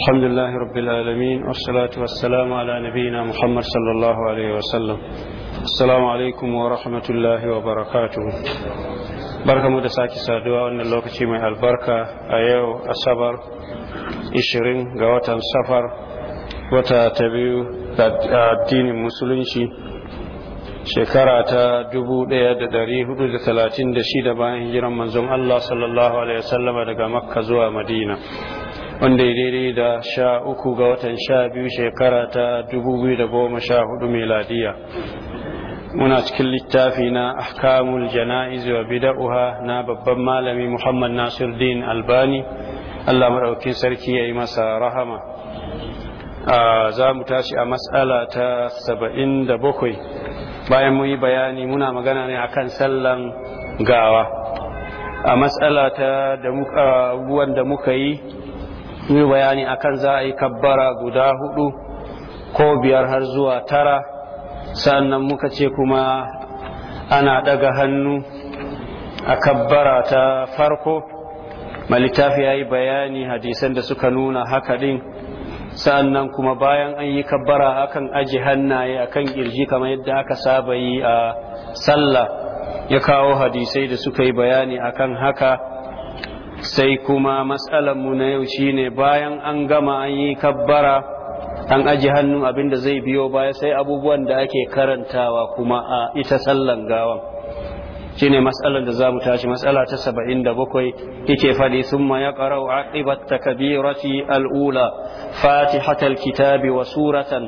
الحمد لله رب العالمين والصلاة والسلام على نبينا محمد صلى الله عليه وسلم السلام عليكم ورحمة الله وبركاته barka mu da sake saduwa wannan lokaci mai albarka a yau asabar 20 ga watan safar wata ta biyu da addinin musulunci shekara ta 1436 bayan hijiran manzon Allah sallallahu alaihi wasallama daga makka zuwa madina wanda daidai da sha uku ga watan sha biyu shekara ta dubu biyu da goma sha hudu meladiya muna cikin littafi na ahkamul jana'iz wa bida'uha na babban malami muhammad din albani allah maɗaukin sarki ya yi masa rahama za mu tashi a matsala ta saba'in da bakwai bayan mu yi bayani muna magana ne a kan sallan gawa a matsala ta da muka yi yi bayani akan za a yi kabbara guda hudu ko biyar har zuwa tara sannan muka ce kuma ana daga hannu a kabbara ta farko malitafi ya yi bayani hadisan da suka nuna haka din sa'annan kuma bayan an yi kabbara akan aji hannaye akan kirji kamar yadda aka saba yi a sallah ya kawo hadisai da suka yi bayani akan haka sai kuma mu na yau shine bayan an gama an yi kabbara an aji hannu abinda zai biyo baya sai abubuwan da ake karantawa kuma a ita sallan gawan shine mas'alar da za mu tashi mas'ala ta saba'in da bakwai yake faɗi sun ma ya ƙarau aqibat takbirati al'ula fatihatal kitabi wa suratan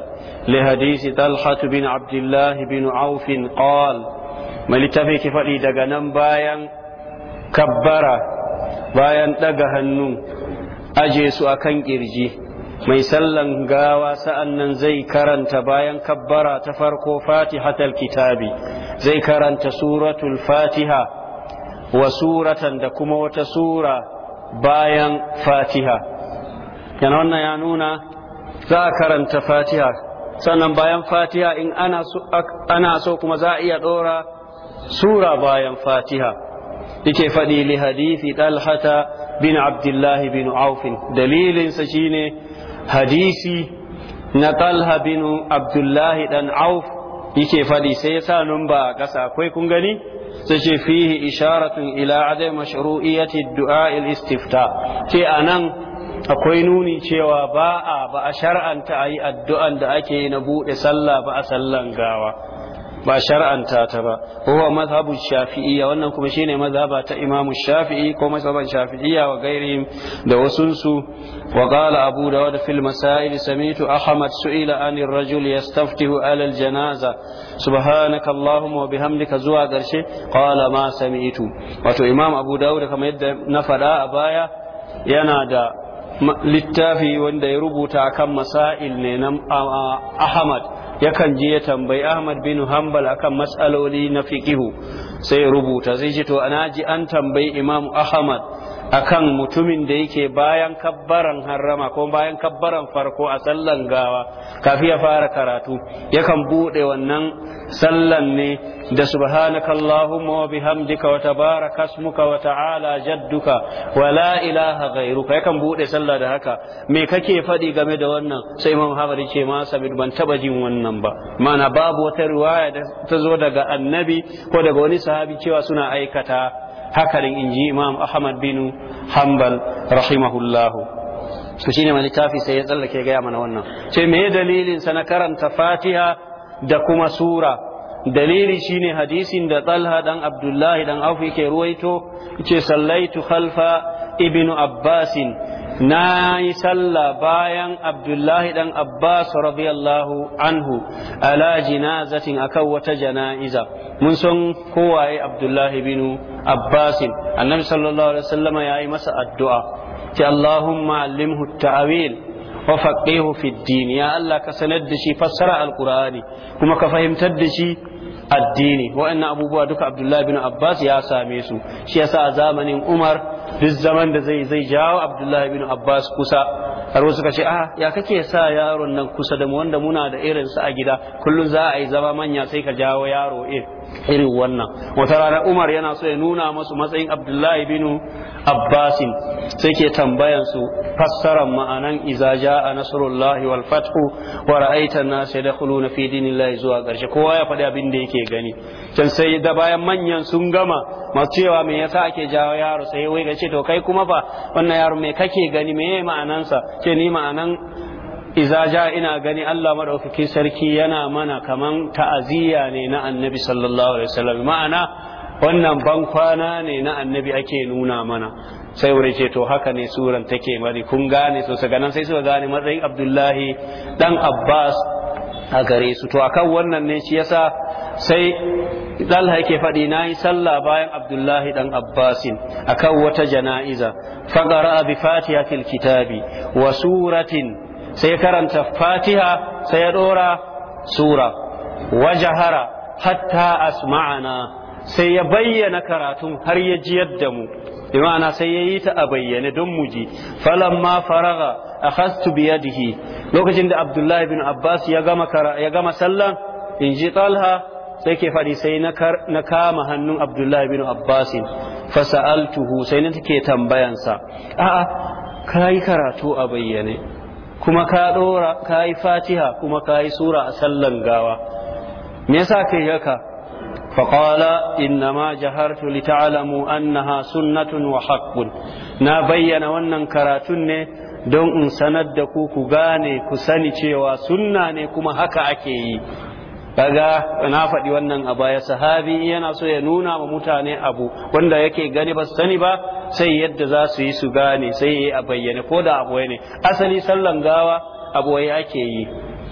li hadisi talhatu bin abdullahi bin aufin qal mai littafi ke faɗi daga nan bayan kabbara bayan ɗaga hannu aje su a kan ƙirji mai sallan gawa sa'an nan zai karanta bayan kabbara ta farko fatiha ta kitabi zai karanta suratul fatiha wa suratan da kuma wata sura bayan fatiha yana wannan ya nuna za a karanta fatiha sannan bayan fatiha in ana so kuma za a iya ɗora sura bayan fatiha yake faɗi li hadithi talhata bin abdullahi bin aufin dalilinsa shine hadisi na ɗalha bin abdullahi dan auf yake faɗi sai ya sa numba a ƙasa akwai kun gani sai ce fihi isharatun ila adai mashru'iyyati du'a il istifta ce anan akwai nuni cewa ba a ba a shar'anta a yi addu'an da ake yi na buɗe sallah ba a sallan gawa ba shar'anta ta ba huwa mazhabu shafi'iyya wannan kuma shine mazhaba ta imamu shafi'i ko mazhaban shafi'iyya wa gairihim da wasunsu wa qala abu dawud fil masail samitu ahmad su'ila anir rajul yastaftihu ala al janaza subhanaka allahumma wa bihamdika zuwa garshe qala ma sami'tu wato imam abu dawud kamar yadda na faɗa a baya yana da littafi wanda ya rubuta kan masail ne na ahmad yakan je ya tambayi Ahmad bin Hanbal akan matsaloli na fiqihu sai rubuta zai ji to ana ji an tambayi Imam Ahmad akan mutumin da yake bayan kabbaran harrama ko bayan kabbaran farko a sallan gawa kafi ya fara karatu yakan bude wannan sallan ne da subhanaka allahumma wa bihamdika wa tabaraka asmuka wa ta'ala jadduka wa la ilaha ghairuka yakan bude sallah da haka me kake fadi game da wannan sai imam hafari ce ma sabid ban taba jin wannan ba mana babu wata riwaya da ta zo daga annabi ko daga wani sahabi cewa suna aikata hakarin in ji imam ahmad bin hanbal rahimahullahu su shine mai littafi sai ya tsallake gaya mana wannan ce me dalilin sa na karanta fatiha da kuma sura dalili shine hadisin da talha dan abdullahi dan auf yake ruwaito yace sallaitu khalfa ibnu abbasin na yi sallah bayan abdullahi dan abbas radiyallahu anhu ala jinazatin akan wata jana'iza mun san kowaye abdullahi bin abbasin annabi sallallahu alaihi wasallama ya yi masa addu'a ce allahumma allimhu ta'awil وفقهه في الدين يا الله كسند دشي kuma ka fahimtar da shi. addini wa'annan abubuwa duka abdullahi bin abbas ya same su shi yasa a zamanin umar duk zaman da zai zai jawo abdullahi bin abbas kusa har wasu kace a ah, ya kake sa yaron nan kusa da mu wanda muna da irin sa a gida kullum za a yi zama manya sai ka jawo yaro eh irin wannan wata rana umar yana so ya nuna masu matsayin abdullahi bin abbasin sai ke su fassarar ma'anan izaja a nasrullahi wal fathu wa ra'aita an-nas yadkhuluna fi dinillahi zuwa ƙarshe kowa ya faɗi abin da yake gani can sai da bayan manyan sun gama masu cewa me yasa ake jawo yaro sai wai ga ce to kai kuma fa wannan yaro me kake gani me ma'anansa ce ni ma'anan iza ja ina gani Allah madaukaki sarki yana mana kaman ta'aziyya ne na annabi sallallahu alaihi wasallam ma'ana wannan ban kwana ne na annabi ake nuna mana sai wuri ce to haka ne suran take mari kun gane so ganan sai suka gane matsayin abdullahi dan abbas a gare su to akan wannan ne shi yasa sai dalha yake faɗi na yi sallah bayan abdullahi dan abbasin akan wata jana'iza faqara bi fatihatil kitabi wa suratin sai ya karanta fatiha sai ya ɗora sura wa jahara hatta asma'ana sai ya bayyana karatun har ya ji yadda mu bi ma'ana sai ya yi ta a bayyane don mu ji falamma faraga akhastu bi yadihi lokacin da abdullahi bin abbas ya gama ya gama sallan in ji talha sai ke faɗi sai na kama hannun abdullahi bin fa sa'altuhu sai na take tambayansa a'a kai karatu a bayyane kuma ka dora ka yi fatiha kuma ka yi sura a sallan gawa me yasa kai haka inna ma jahartu ta'lamu annaha sunnatun wa haqqun na bayyana wannan karatun ne don in sanar da ku ku gane ku sani cewa sunna ne kuma haka ake yi kaga na faɗi wannan a baya sahabi yana so ya nuna wa mutane abu wanda yake gani ba sani ba sai yadda za su yi su gane sai ya yi a bayyane ko da abuwa ne asali sallan gawa aboye ake yi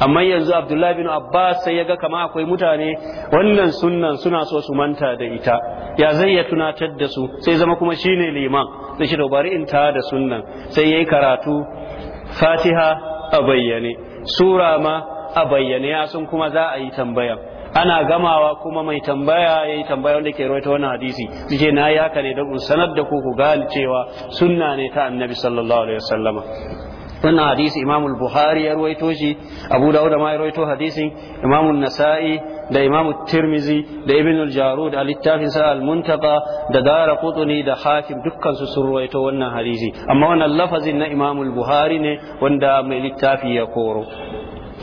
amma yanzu abdullahi bin abbas sai ya ga kama akwai mutane wannan sunnan suna so su manta da ita ya zai ya tunatar da su sai zama kuma shine liman da shi bari in ta da sunnan sai ya yi karatu fatiha a bayyane sura ma a bayyane ya sun kuma za a yi tambayan ana gamawa kuma mai tambaya yi tambaya wanda ke rawaita wannan hadisi suke na yi haka ne don in sanar da ku ku gane cewa sunna ne ta annabi sallallahu alaihi wasallama wannan hadisi imamu buhari ya ruwaito shi abu dawud ma ya ruwaito hadisin imamu nasa'i da imamu tirmizi da ibn al-jarud a littafin sa al-muntaqa da dara qutni da hakim dukkan su sun ruwaito wannan hadisi amma wannan lafazin na imamu buhari ne wanda mai littafi ya koro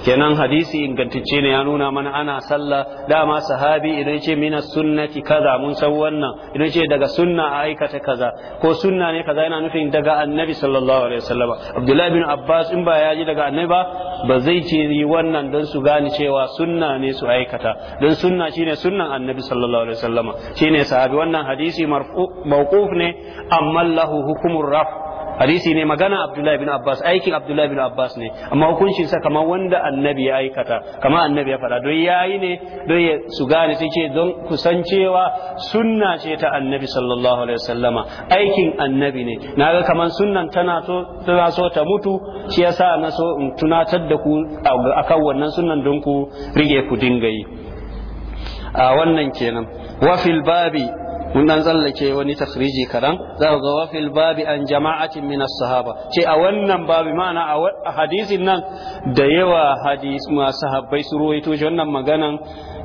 kenan hadisi ingantacce ne ya nuna mana ana sallah dama sahabi idan ce mina sunnati kaza mun san wannan idan ce daga sunna a aikata kaza ko sunna ne kaza yana nufin daga annabi sallallahu alaihi wasallam abdullahi bin abbas in ba ya ji daga annabi ba ba zai ce yi wannan don su gane cewa sunna ne su aikata don sunna shine sunnan annabi sallallahu alaihi wasallam shine sahabi wannan hadisi marfu mawquf ne amma lahu hukumur raf hadisi ne magana abdullahi bin abbas aikin abdullahi bin abbas ne amma hukuncin sa kamar wanda annabi ya aikata kamar annabi ya fara don yayi ne don su gane sai ce don kusancewa sunna ce ta annabi sallallahu alaihi wasallama aikin annabi ne naga kamar sunnan tana so tana so ta mutu shi yasa na so in tunatar da ku akan wannan sunnan don ku rige ku dinga yi a wannan kenan wa fil babi mun dan tsallake wani takhriji kadan za ku ga wafil babi an jama'atin min sahaba ce a wannan babi ma'ana a hadisin nan da yawa hadis ma sahabbai su ruwaito wannan maganan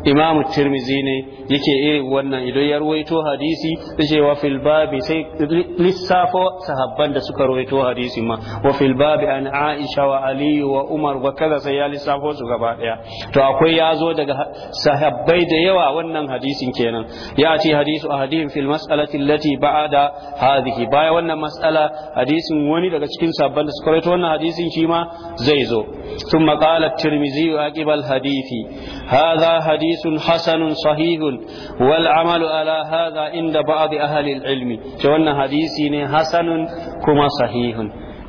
imamu tirmizi ne yake irin eh, wannan idan ya ruwaito hadisi da cewa fil babi sai lissafo sahabban da suka ruwaito hadisi ma wa fil babi an aisha wa ali wa umar wa kaza sai ya lissafo su gaba daya to akwai ya zo daga sahabbai da yawa wannan hadisin kenan ya ce hadisu ahadihim fil mas'alati allati ba'ada hadhihi baya wannan mas'ala hadisin wani daga cikin sahabban da suka ruwaito wannan hadisin shi ma zai zo ثم قال الترمذي عقب الحديث هذا حديث حديث حسن صحيح والعمل على هذا عند بعض أهل العلم شوانا حديثي حسن كما صحيح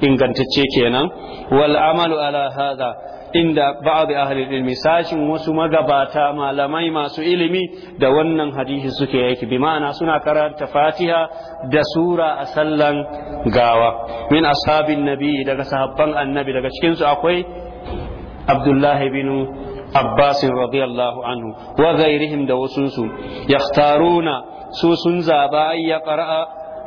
إن كنت تشيكينا والعمل على هذا inda ba'adu ahlul ilmi sashin wasu magabata malamai masu ilimi da wannan hadisi suke yake bi ma'ana suna karanta fatiha da sura a sallan gawa min ashabin nabi daga sahabban annabi daga cikinsu akwai abdullahi bin Abbas radiyallahu anhu wa ghairihim da wasunsu yakhtaruna su sun zaba an ya abi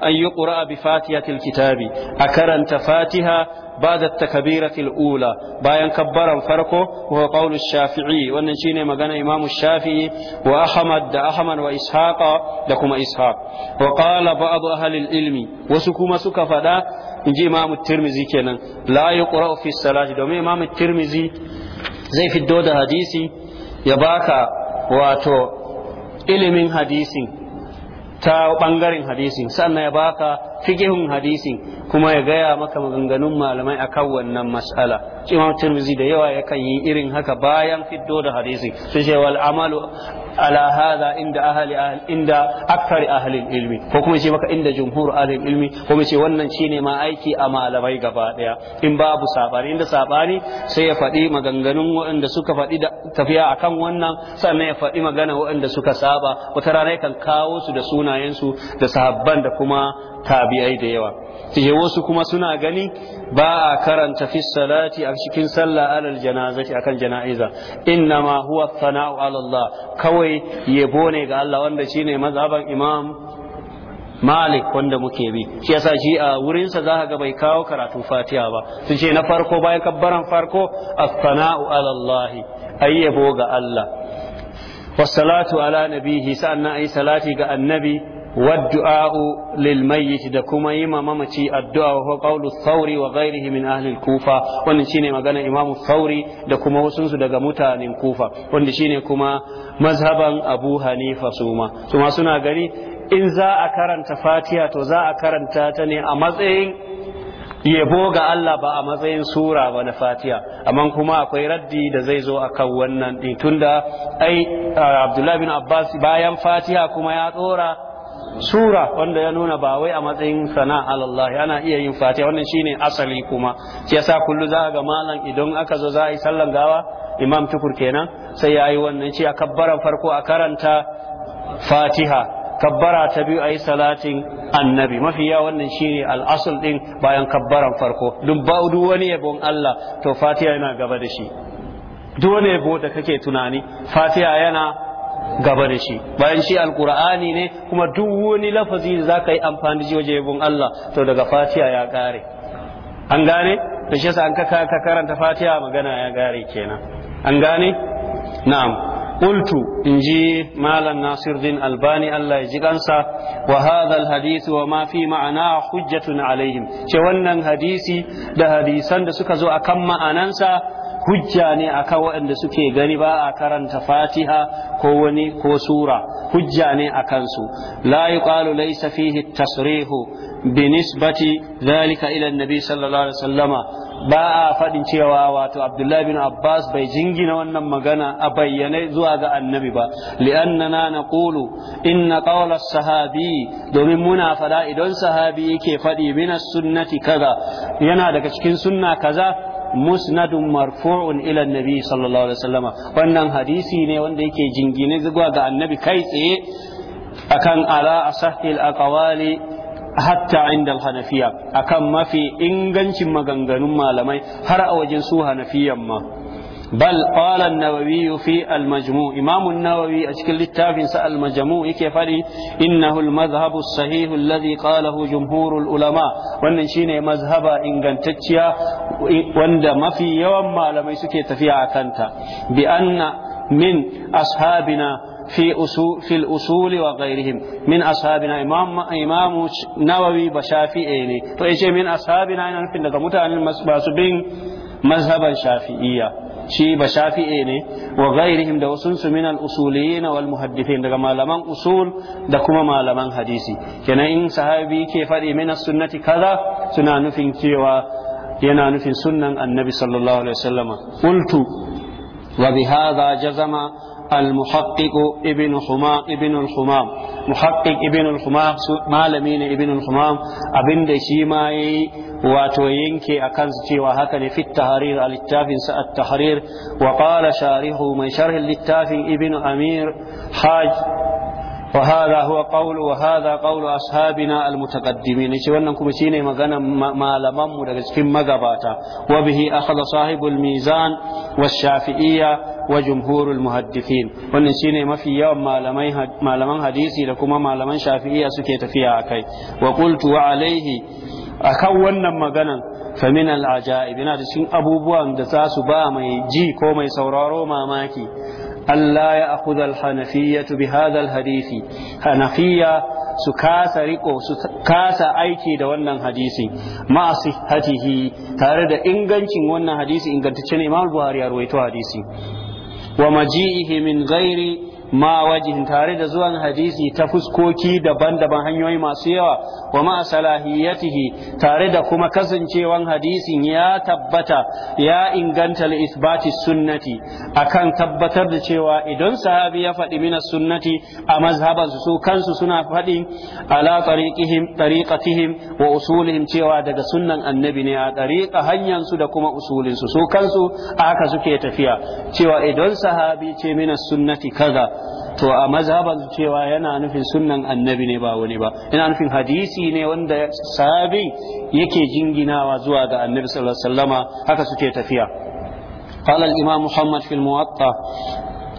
an yi fatihatil kitabi a karanta fatiha ba'da takbiratil ula bayan kabbaran farko wa qawlu shafi'i wannan shine magana imamu shafi'i wa ahmad da ahmad wa ishaqa da kuma ishaq wa qala ba'd ahlil ilmi wasu kuma suka fada inji imamu tirmizi kenan la yi qura'u fi salati domin imamu tirmizi zai fiddo da hadisi ya baka wato ilimin hadisin ta ɓangaren hadisin sannan ya baka fikihun hadisin kuma ya gaya maka maganganun malamai akan wannan mas'ala imam tirmizi da yawa ya kan yi irin haka bayan fiddo da hadisin sun ce wal amalu ala hadha inda ahli inda akthar ahli ilmi ko kuma ce maka inda jumhur ahli ilmi ko kuma ce wannan shine ma aiki a malamai gaba daya in babu sabani inda sabani sai ya faɗi maganganun waɗanda suka faɗi tafiya akan wannan sannan ya faɗi magana waɗanda suka saba wata rana kan kawo su da sunayensu da sahabban da kuma tabi'ai da yawa sai wasu kuma suna gani ba a karanta fi salati a cikin sallah alal janazati akan jana'iza inna ma huwa thana'u ala Allah kawai yabo ne ga Allah wanda shine mazhaban imam Malik wanda muke bi shi yasa shi a wurinsa za ga bai kawo karatu Fatiha ba sun ce na farko bayan kabbaran farko as-sana'u ala Allah yabo ga Allah Wasalatu salatu ala nabihi sanna ayi salati ga annabi والدعاء للميت da kuma yi ma mamaci addu'a wa qawlu sauri wa ghairihi min ahli kufa wannan shine magana imam sauri da kuma wasu su daga mutanen kufa wanda shine kuma mazhaban abu hanifa suma suma suna gani in za a karanta fatiha to za a karanta ta ne a matsayin yabo ga Allah ba a matsayin sura ba na fatiha amma kuma akwai raddi da zai zo a kan wannan din tunda ai Abdullahi bin Abbas bayan fatiha kuma ya tsora sura wanda ya nuna ba wai a matsayin sana alallahi ana iya yin fatiha wannan shine asali kuma shi yasa kullu za ga malam idan aka zo za a yi sallan gawa imam tukur kenan sai ya yi wannan shi a kabbaran farko a karanta fatiha kabbara ta biyu a yi salatin annabi mafi ya wannan shine al'asul din bayan kabbaran farko duk ba duk wani yabon Allah to fatiha yana gaba da shi duk wani yabo da kake tunani fatiha yana gaba da shi bayan shi alkur'ani ne kuma duk wani lafazi da zaka yi amfani da waje Allah to daga fatiha ya kare an gane da shi an ka ka karanta fatiha magana ya kare kenan an gane na'am qultu inji malam nasiruddin albani Allah ya ji kansa wa hadha alhadith wa ma fi ma'ana hujjatun alaihim ce wannan hadisi da hadisan da suka zo akan ma'anansa hujja ne akan waɗanda suke gani ba a karanta fatiha ko wani ko sura hujja ne a kansu la yuqalu laysa fihi tasrihu bi nisbati dhalika ila annabi sallallahu alaihi wasallama ba a faɗin cewa wato abdullahi bin abbas bai jingina wannan magana a bayyane zuwa ga annabi ba li'annana naqulu inna qawla sahabi domin muna faɗa idan sahabi yake faɗi min sunnati kaza yana daga cikin sunna kaza musnadun marfu'un ila annabi sallallahu alaihi wasallam wannan hadisi ne wanda yake jingine zuwa ga annabi kai tsaye akan ala asahil aqwali hatta inda hanafiya akan mafi ingancin maganganun malamai har a wajen su hanafiyan ma bal qala an-nawawi fi al-majmu' imam an-nawawi a cikin littafinsa sa al-majmu' yake fadi innahu al-madhhabu as-sahih alladhi qalahu jumhur ulama wannan shine mazhaba ingantacciya wanda mafi yawan malamai suke tafiya a kanta bi anna min ashabina في أصول في الأصول وغيرهم من أصحابنا إمام إمام نووي بشافعي تو من أصحابنا أنا في متى مذهبا شافعية shi ba shafi'e ne wa ghairihim da wasu su min usuliyin wal muhaddithin daga malaman usul da kuma malaman hadisi kenan in sahabi ke faɗi min sunnati kaza suna nufin cewa yana nufin sunnan annabi sallallahu alaihi wasallama qultu wa bihadha jazama المحقق ابن humam ابن الحمام محقق humam الحمام مالمين ابن الحمام humam abinda shi ma yayi wato yanke a kansu cewa haka ne fit tahrir a littafin sa at-tahrir wa qala sharihu mai sharhin littafin ibnu amir haj wa hadha huwa qawlu wa hadha qawlu ashabina al-mutaqaddimin shi wannan kuma shine magana malaman mu daga cikin magabata wa bihi akhadha sahibul mizan wa shafi'iyya wa jumhurul muhaddithin wannan shine mafi yawan malamai malaman hadisi da kuma malaman shafi'iyya suke tafiya akai wa qultu wa akan wannan maganan famin al'ajaib yana da cikin abubuwan da za su ba mai ji ko mai sauraro mamaki Allah ya akhudha hanafiya hanafiyyatu bi hadisi hanafiyya su kasa riko su kasa aiki da wannan hadisi ma sihhatihi tare da ingancin wannan hadisi ingantacce ne Imam Buhari ya rawaito hadisi wa maji'ihi min ghairi ma wajihin tare da zuwan hadisi ta fuskoki daban-daban hanyoyi masu yawa wa ma salahiyatihi tare da kuma kasancewan hadisin ya tabbata ya inganta isbati sunnati akan tabbatar da cewa idan sahabi ya faɗi mina sunnati a mazhabansu su kansu suna faɗi ala tariqihim tariqatihim wa usulihim cewa daga sunnan annabi ne a tariqa hanyar su da kuma usulinsu su kansu a haka suke tafiya cewa idan sahabi ce mina sunnati kaza to a mazhabar cewa yana nufin sunnan annabi ne ba wani ba yana nufin hadisi ne wanda sahabi yake jinginawa zuwa ga annabi sallallahu alaihi wasallama haka suke tafiya قال الإمام محمد في الموطأ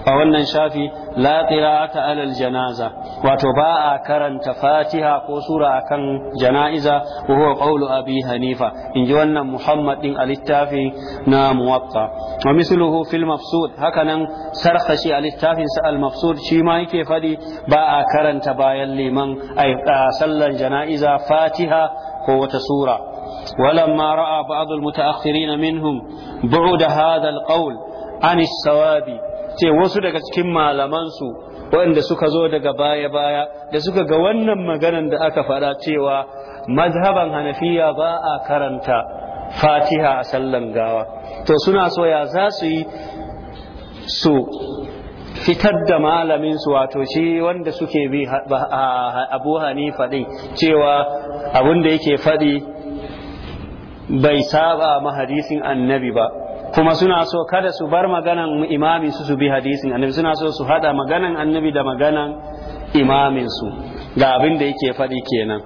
a wannan shafi la qira'ata alal janaza wato ba a karanta fatiha ko sura akan jana'iza wa huwa qawlu abi hanifa inji wannan muhammad din alittafi na muwatta wa misluhu fil mafsud hakanan sarkhashi alittafin sa al mafsud shi ma yake fadi ba a karanta bayan liman ay sallan jana'iza fatiha ko wata sura ولما رأى بعض المتأخرين منهم بعد هذا القول عن الصواب ce wasu daga cikin malamansu waɗanda suka zo daga baya-baya da suka ga wannan maganan da aka faɗa cewa mazhaban hanafiya ba a karanta fatiha a sallan gawa to suna so ya za su yi su fitar da malaminsu wato shi wanda suke bi abu hanifa ɗin cewa abin da yake faɗi bai saba ma hadisin annabi ba kuma suna so kada su bar maganan imamin su su bi hadisin annabi suna so su hada maganan annabi da maganan imamin su ga abin da yake faɗi kenan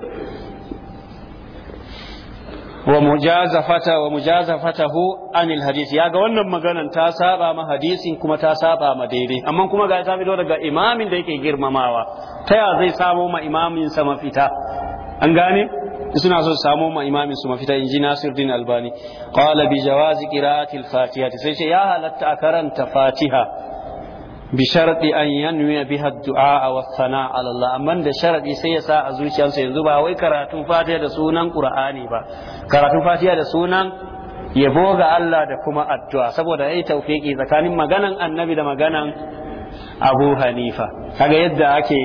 wa mujazafata wa mujazafatahu anil hadis ya ga wannan maganan ta saba ma hadisin kuma ta saba ma daidai amma kuma ga ta fito daga imamin da yake girmamawa ta ya zai samo ma imamin sa mafita an gane suna so samu ma imamin su mafita inji Nasiruddin Albani qala bi jawazi qira'ati al-Fatiha sai ce ya halatta a karanta Fatiha bi sharadi an yanwiya biha ad-du'a wa thana ala Allah amma da sharadi sai ya sa a zuciyarsa yanzu ba wai karatun Fatiha da sunan Qur'ani ba karatun Fatiha da sunan yabo ga Allah da kuma addu'a saboda yayi tawfiqi tsakanin maganan Annabi da maganan Abu Hanifa kaga yadda ake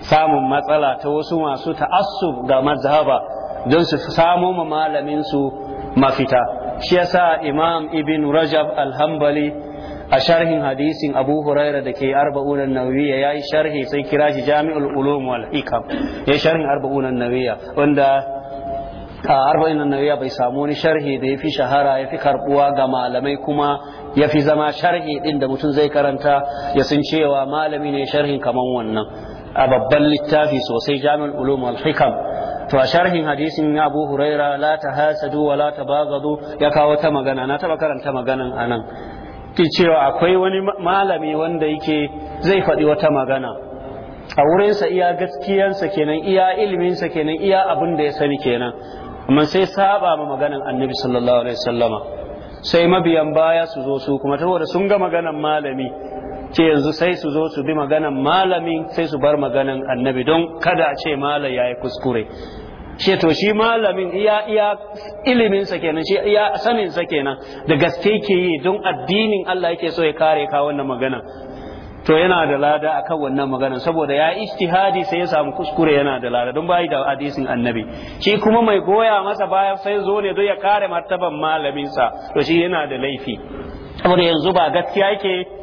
samun matsala ta wasu masu ta'assub ga mazhaba don su samo ma malamin su mafita shi yasa imam ibn rajab alhambali a sharhin hadisin abu huraira da ke arba'un nawiya ya yi sharhi sai kira shi jami'ul ulum wal hikam ya sharhin arba'un nawiya wanda a arba'in annabiya bai samu wani sharhi da ya fi shahara ya fi karbuwa ga malamai kuma ya fi zama sharhi din da mutum zai karanta ya sun cewa malami ne sharhin kamar wannan a babban littafi sosai jami'ul ulum wal hikam to a sharhin hadisin Abu Huraira la tahasadu wa la tabaghadu ya kawo ta magana na taba karanta maganan anan ki cewa akwai wani malami wanda yake zai faɗi wata magana a wurinsa iya gaskiyansa kenan iya iliminsa kenan iya abin da ya sani kenan amma sai saba ma maganan annabi sallallahu alaihi wasallama sai mabiyan baya su zo su kuma saboda sun ga maganan malami ce yanzu sai su zo su bi maganan malamin sai su bar maganan annabi don kada a ce malam ya yi kuskure ce to shi malamin iya iya iliminsa kenan shi iya sa kenan da gaske ke yi don addinin Allah yake so ya kare ka wannan magana to yana da lada akan wannan magana saboda ya ijtihadi sai ya samu kuskure yana da lada don bai da hadisin annabi shi kuma mai goya masa baya sai zo ne don ya kare martaban malaminsa to shi yana da laifi saboda yanzu ba gaskiya yake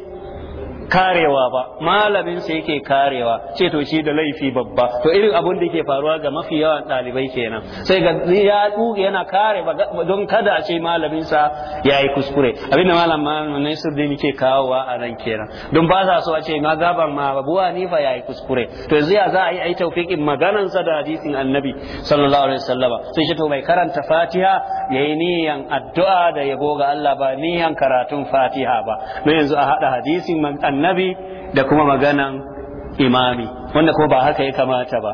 karewa ba malamin sa yake karewa ce to shi da laifi babba to irin abun da yake faruwa ga mafi yawan ɗalibai kenan sai ga ya tsuke yana kare don kada a ce malamin sa yayi kuskure abinda abin ne su da yake kawowa a nan kenan don ba sa so a ce ma gaban ma babuwa ni fa yayi kuskure to yanzu ya za a yi ai tawfiqin maganan sa da hadisin annabi sallallahu alaihi wasallama sai shi to mai karanta Fatiha yayi niyan addu'a da yabo ga Allah ba niyan karatun Fatiha ba na yanzu a hada hadisin annabi da kuma maganan imami wanda kuma ba haka ya kamata ba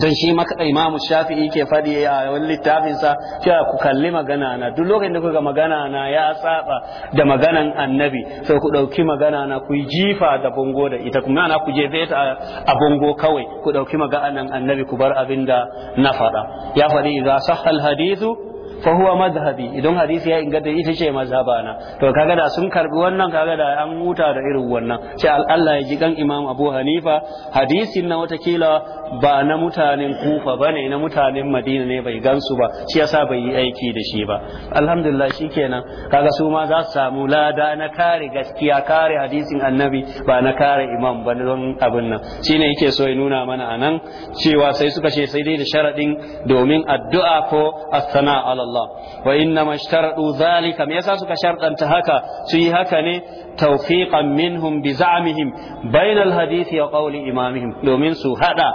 don shi imamu shafi'i ke faɗi a wani littafinsa cewa ku kalli magana na duk lokacin da kuka magana na ya saba da maganan annabi sai ku ɗauki magana na ku jifa da bongo da ita kuma na ku jefe ta a bongo kawai ku ɗauki maganan annabi ku bar abin da na faɗa ya faɗi idza sahal hadithu fa huwa madhhabi idan hadisi ya inganta ita ce mazhabana to kaga da sun karbi wannan kaga da an huta da irin wannan sai Allah ya ji kan Imam Abu Hanifa hadisin na watakila ba na mutanen Kufa bane na mutanen Madina ne bai gansu ba shi yasa bai yi aiki da shi ba alhamdulillah shikenan kaga su ma za su samu lada na kare gaskiya kare hadisin Annabi ba na kare Imam ba don abin nan shine yake so ya nuna mana anan cewa sai suka ce sai dai da sharadin domin addu'a ko as-sana'a Allah wa inna mashtaradu zalika me yasa suka sharɗanta haka su yi haka ne tawfiqan minhum bi za'mihim bayna alhadith wa qawli imamihim domin su hada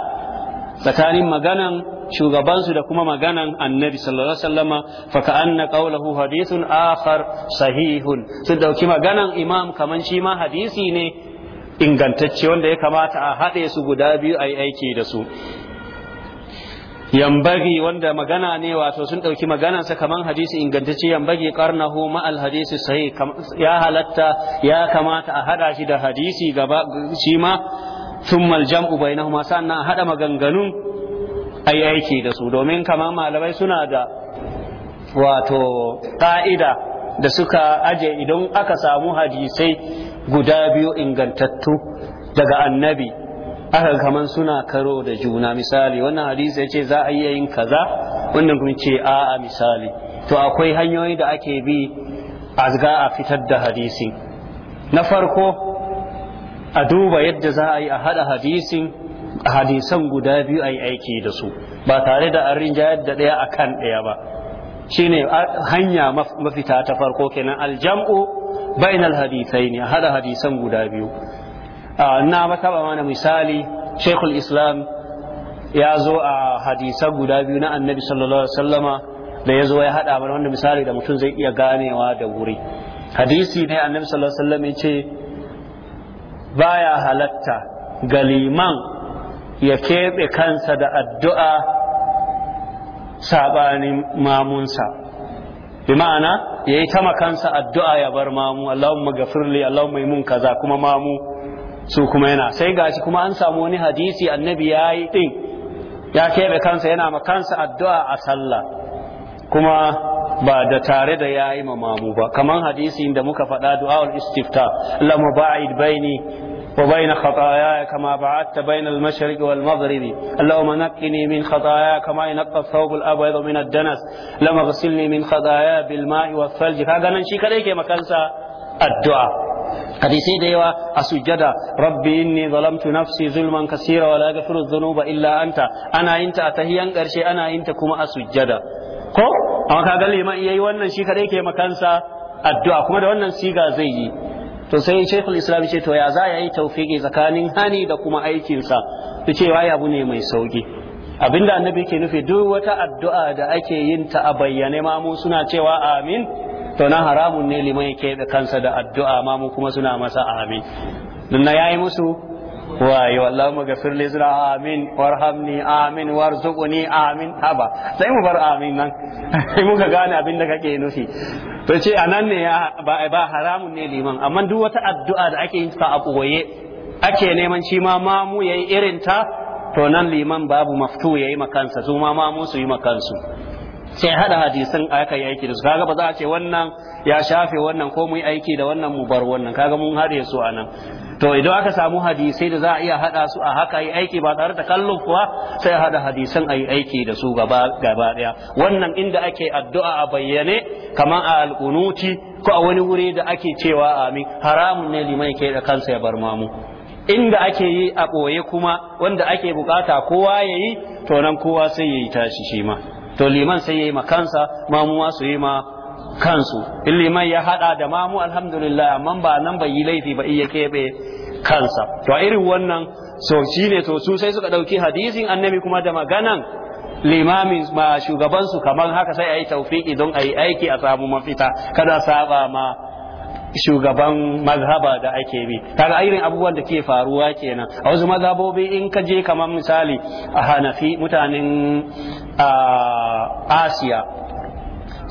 tsakanin maganan shugabansu da kuma maganan annabi sallallahu alaihi wasallama fa ka'anna qawluhu hadithun akhar sahihun sun dauki maganan imam kaman shi ma hadisi ne ingantacce wanda ya kamata a haɗe su guda biyu a yi aiki da su yambagi wanda magana ne wato sun ɗauki maganarsa kaman hadisi ingantacce yambagi karnahu homa hadisi sahih ya halatta ya kamata a hada shi da hadisi gaba shi ma thumma jam'u bainahuma sannan hada maganganun ai aiki da su domin kaman malamai suna da wato ƙa'ida da suka aje idan aka samu hadisai guda biyu ingantattu daga annabi aka kaman suna karo da juna misali wannan hadisi ya ce za a iya yin kaza wannan kuma ce a'a misali to akwai hanyoyi da ake bi a ga a fitar da hadisi na farko a duba yadda za a yi a haɗa a hadisan guda biyu a yi aiki da su ba tare da an rinjayar da ɗaya a kan ɗaya ba shine hanya mafita ta farko kenan aljam'u bainal hadisai ne a haɗa hadisan guda biyu Ah, na mataba mana misali shekul islam ya zo a hadisa guda biyu na annabi sallallahu alaihi wasallama da ya zo ya haɗa mana wanda misali da mutum zai iya ganewa da wuri hadisi ne annabi sallallahu alaihi wasallam ya ce baya halatta galiman ya keɓe kansa da addu'a saɓanin mamunsa bi ma'ana ya yi ta addu'a ya bar mamu Allahumma gafirli Allahumma yi mun kaza kuma mamu su kuma yana sai ga shi kuma an samu wani hadisi annabi ya yi ɗin ya keɓe kansa yana ma kansa addu’a a sallah kuma ba da tare da ya yi mamamu ba kamar hadisi da muka faɗa du'a istifta la mubaid baini wa bain khataaya kama ba'atta bain al mashriq wal maghrib min khataaya kama yanqa thawb al abyad min ad danas min khataaya bil ma'i wal thalj kaga nan shi kadai ke makansa addu'a hadisai da yawa a sujjada rabbi inni zalamtu nafsi zulman kasira wala yaghfiru dhunuba illa anta ana yin a tahiyan karshe ana yin kuma a sujjada ko amma kaga liman yayi wannan shi kadai ke makansa addu'a kuma da wannan siga zai yi to sai shaykhul islam ce to ya za ya yi tawfiki tsakanin hani da kuma aikinsa to cewa ya abu ne mai sauki abinda annabi ke nufi duk wata addu'a da ake yin ta a bayyane ma mu suna cewa amin to na haramun ne liman ya da kansa da addu'a ma mu kuma suna masa amin na yayi musu Wa wayo Allahumma gafir li zira amin warhamni amin warzuqni amin haba sai mu bar amin nan sai ga gane abin da kake nufi to ce anan ne ya ba haramun ne liman amma duk wata addu'a da ake yin ta a koye ake neman shi ma mamu yayi irin ta to nan liman babu maftu yayi makansa su ma mu su yi makansu sai haɗa hadisan aka yi aiki da su kaga ba za a ce wannan ya shafe wannan ko mu yi aiki da wannan mu bar wannan kaga mun hade su anan to idan aka samu hadisai da za a iya haɗa su a haka yi aiki ba tare da kallon kuwa sai haɗa hadisan a yi aiki da su gaba gaba daya wannan inda ake addu'a a bayyane kamar a alkunuti ko a wani wuri da ake cewa amin haramun ne liman ke da kansa ya bar mamu inda ake yi a ɓoye kuma wanda ake bukata kowa ya yi to nan kowa sai ya yi tashi shi ma to liman sai ya yi ma kansa mamu ma su yi ma kansu in liman ya hada da mamu alhamdulillah amma ba nan bai yi laifi ba iya keɓe kansa to a irin wannan so shine to su sai suka ɗauki hadisin annabi kuma da maganan limamin ma shugabansu kamar haka sai a yi taufiki don a yi aiki a samu mafita kada saba ma shugaban mazhaba da ake bi kaga irin abubuwan da ke faruwa kenan a wasu mazhabobi in ka je kamar misali a hanafi mutanen a asiya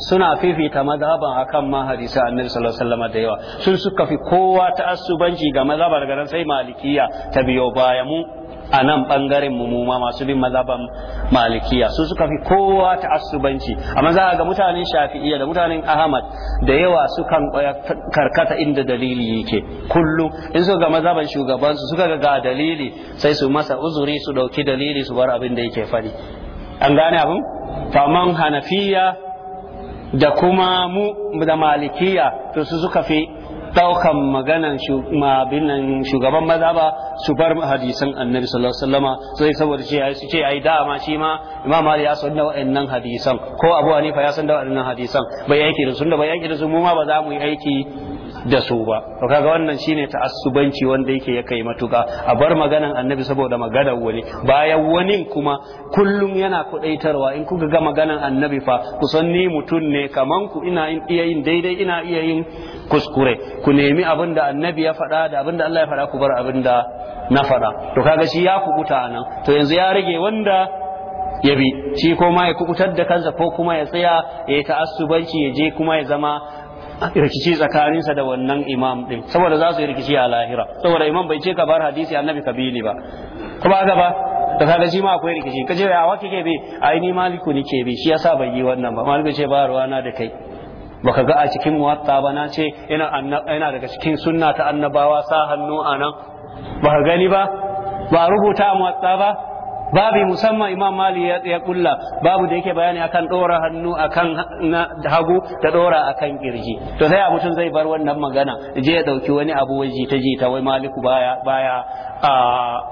suna fifita mazhaban akan ma hadisi annabi sallallahu alaihi wasallam da yawa sun suka fi kowa ta'assubanci ga mazhabar garan sai malikiya ta biyo baya mu a nan bangaren mu ma masu bin mazhaban malikiya sun suka fi kowa ta'assubanci amma za ga mutanen shafi'iyya da mutanen ahmad da yawa sukan karkata inda dalili yake kullum in su ga mazhaban shugabansu suka ga dalili sai su masa uzuri su dauki dalili su bar abin da yake fari an gane abin faman hanafiya da kuma mu da malikiya to su suka fi daukan maganan nan shugaban maza ba su bar hadisan annabi sallallahu alaihi wasallama sai saboda ce ai ce ai dama shi ma imam mali ya san da wa'annan hadisan ko abu hanifa ya san da wa'annan hadisan bai aiki da sun da bai aiki da su mu ma ba za mu yi aiki da su ba to kaga wannan shine ta'assubanci wanda yake ya kai matuka a bar maganan annabi saboda maganar wani bayan wani kuma kullum yana kudaitarwa in kuka ga maganan annabi fa ku san ni mutum ne kaman ku ina iya yin daidai ina iya yin kuskure ku nemi abin da annabi ya faɗa da abin da Allah ya faɗa ku bar abin da na faɗa to kaga shi ya kubuta nan to yanzu ya rage wanda ya bi shi ko ma ya kubutar da kansa ko kuma ya tsaya ya ta'assubanci ya je kuma ya zama rikici tsakaninsa da wannan imam din saboda zasu su yi rikici a lahira saboda imam bai ce ka bar hadisi annabi kabili ba ba ga ba da kaga shi ma akwai rikici ce a wake ke bi ai ni maliku ni ke bi shi yasa bai yi wannan ba maliku ce ba ruwana da kai baka ga a cikin muwatta ba na ce yana daga cikin sunna ta annabawa sa hannu anan baka gani ba ba rubuta muwatta ba babi musamman imam mali ya kulla babu da yake bayani akan dora hannu akan hagu da dora akan kirji to sai a mutum zai bar wannan magana je ya dauki wani abu waje ta ji ta wai maliku baya baya a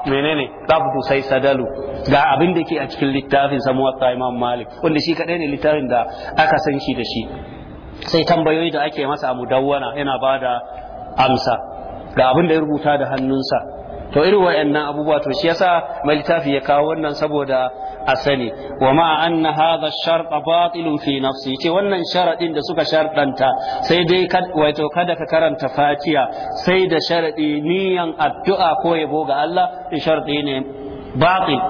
menene babu sai sadalu ga abin da ke a cikin littafin sa muwatta imam malik wanda shi kadai ne littafin da aka san shi da shi sai tambayoyi da ake masa a mudawwana yana bada amsa ga abin da ya rubuta da hannunsa to irin wayannan abubuwa to shi yasa mai littafi ya kawo wannan saboda a sani wa ma anna hadha ash batilun fi nafsi ce wannan sharadin da suka shardanta sai dai wato kada ka karanta fatiha sai da sharadi niyan addu'a ko yabo ga Allah in sharadi ne batil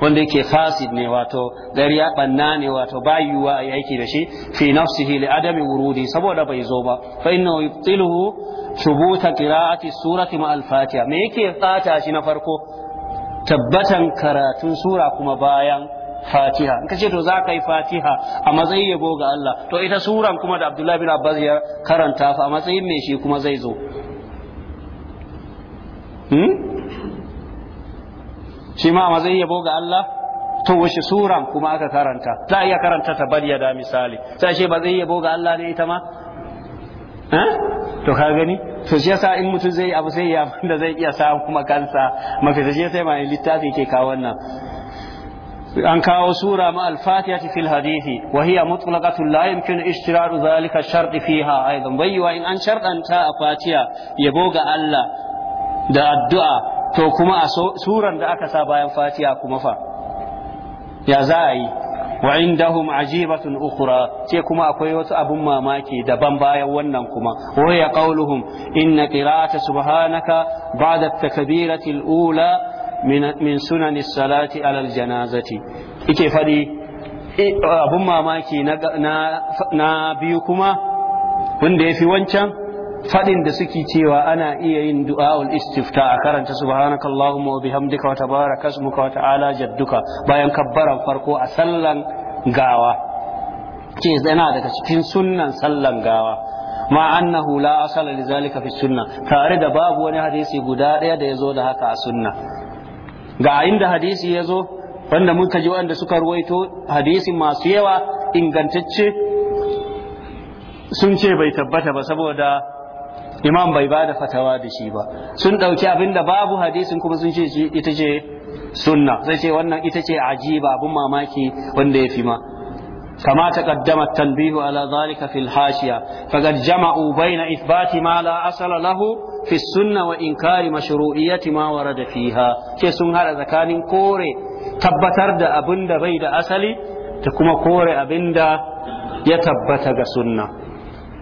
wanda yake fasid ne wato gari ya banna ne wato bayuwa a aiki da shi fi nafsihi li adami wurudi saboda bai zo ba fa inna yubtiluhu thubuta qira'ati surati ma al-fatiha me yake tsata shi na farko tabbatan karatun sura kuma bayan fatiha in kace to za ka yi fatiha a matsayin yabo ga Allah to ita suran kuma da Abdullahi bin Abbas ya karanta fa a matsayin me shi kuma zai zo hmm? shi ma zai iya boga Allah to wace suran kuma aka karanta za a iya karanta ta bariya da misali sai ce ba zai iya boga Allah ne ita ma eh? to ka gani to shi yasa in mutum zai abu sai ya da zai iya samu kuma kansa mafita shi sai ma littafi ke kawo wannan an kawo sura ma al-fatiha fil hadithi wa hiya mutlaqatun la yumkinu ishtiraru Zalika shart fiha aidan bayyawa in an sharɗanta a fatiha yabo ga Allah da addu'a to kuma a suran da aka sa bayan fatiha kuma fa ya za a yi wa indahum ajibatun ukhra ce kuma akwai wasu abun mamaki daban bayan wannan kuma wa ya qauluhum inna qira'ata subhanaka ba'da at-takbirati al-ula min min sunan salati ala al-janazati yake fadi abun mamaki na na biyu kuma wanda yafi wancan fadin da suke cewa ana iya yin du'a'ul istifta a karanta Allahumma wa bihamdika wa tabaraka ismuka wa ta'ala jadduka bayan kabbaran farko a sallan gawa ce yana daga cikin sunnan sallan gawa ma annahu la asala li zalika fi sunna tare da babu wani hadisi guda daya da yazo da haka a sunna ga inda hadisi yazo wanda muka ji wanda suka ruwaito hadisi masu yawa ingantacce sun ce bai tabbata ba saboda imam bai bada fatawa da shi ba sun ɗauki abin da babu hadisin kuma sun ce ita ce sunna sai ce wannan ita ce ajiba abin mamaki wanda ya fi ma كما تقدم التنبيه على ذلك في الحاشية فقد جمعوا بين إثبات ما لا أصل له في السنة وإنكار مشروعية ما ورد فيها كي سنها إذا كان كوري تبتر دا أبند بيد أصلي تكما كوري أبند يتبتغ سنة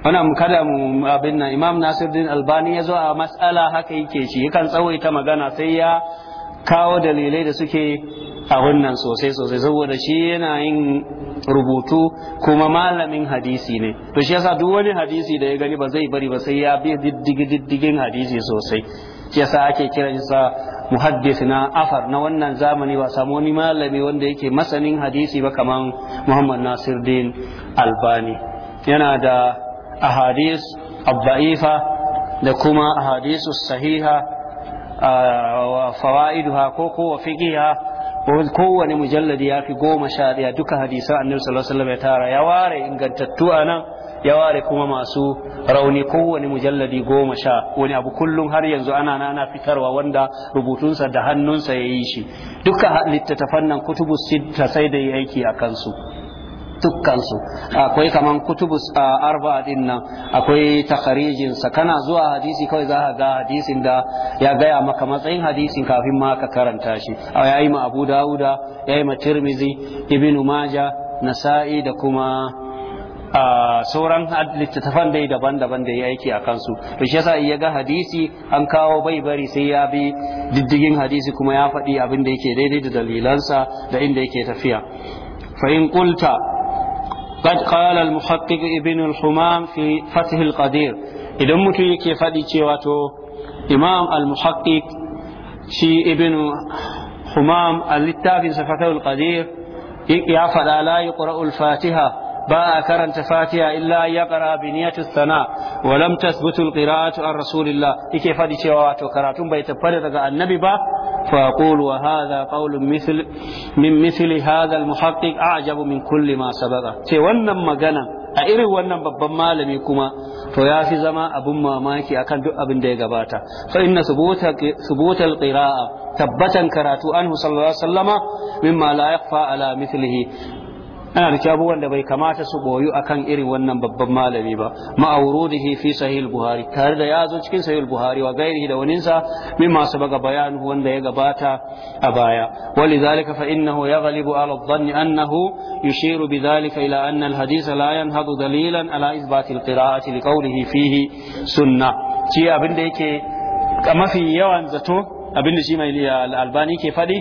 wannan kada mu abin nan imam nasiruddin albani ya zo a matsala haka yake ci yakan tsawaita magana sai ya kawo dalilai da suke a wannan sosai sosai saboda shi yana yin rubutu kuma malamin hadisi ne to shi yasa duk wani hadisi da ya gani ba zai bari ba sai ya bi diddigi diddigin hadisi sosai shi yasa ake kiran sa muhaddis na afar na wannan zamani ba samu wani malami wanda yake masanin hadisi ba kaman muhammad nasiruddin albani yana da ahadis abba'ifa da kuma ahadisu sahiha wa fawaiduha ko ko fiqiha kowane mujalladi ya fi goma sha ɗaya duka hadisan annabi sallallahu alaihi wasallam ya tara ya ware ingantattu a nan ya ware kuma masu rauni kowane mujalladi goma sha wani abu kullum har yanzu ana ana fitarwa wanda rubutunsa da hannunsa ya yi shi duka littattafan nan kutubu sita sai da yi aiki a kansu dukkansu akwai kaman kutubus a arba din nan akwai takharijin sa kana zuwa hadisi kawai za ka ga hadisin da ya gaya maka matsayin hadisin kafin ma ka karanta shi a yayi ma Abu Dawuda yayi ma Tirmizi Ibn Majah Nasa'i da kuma a sauran littattafan dai daban-daban da ya aiki a kansu to shi yasa ya ga hadisi an kawo bai bari sai ya bi diddigin hadisi kuma ya faɗi abin da yake daidai da dalilansa da inda yake tafiya fa in qulta قد قال المحقق ابن الحمام في فتح القدير idan mutum yake faɗi cewa to imam al-muhaqqiq shi ibn humam al-littafin safatar al-qadir ya faɗa layi yi ƙura'ul fatiha ba a karanta fatiha illa ya ƙara biniyatu sana wa lam tasbutul qira'atu an rasulillah yake faɗi cewa wato karatun bai tabbata daga annabi ba فأقول وهذا قول مثل من مثل هذا المحقق أعجب من كل ما سبق ce wannan magana a irin wannan babban malami kuma to ya fi zama abin mamaki akan duk abin da ya gabata fa inna subuta tabbatar tabbatan karatu an sallallahu alaihi wasallama mimma la yakhfa ala mithlihi ana da kyabuwan da bai kamata su boyu a kan irin wannan babban malami ba ma'aurudihi fi sahih buhari tare da ya zo cikin sahih buhari wa gairi da waninsa min masu baga bayan wanda ya gabata a baya wali zalika fa innahu ya galibu ala dhanni annahu yushiru bi zalika ila anna al hadith la yanhadu dalilan ala isbat al qira'ati li qawlihi fihi sunnah ci abin da yake mafi yawan zato abin da shi mai albani ke fadi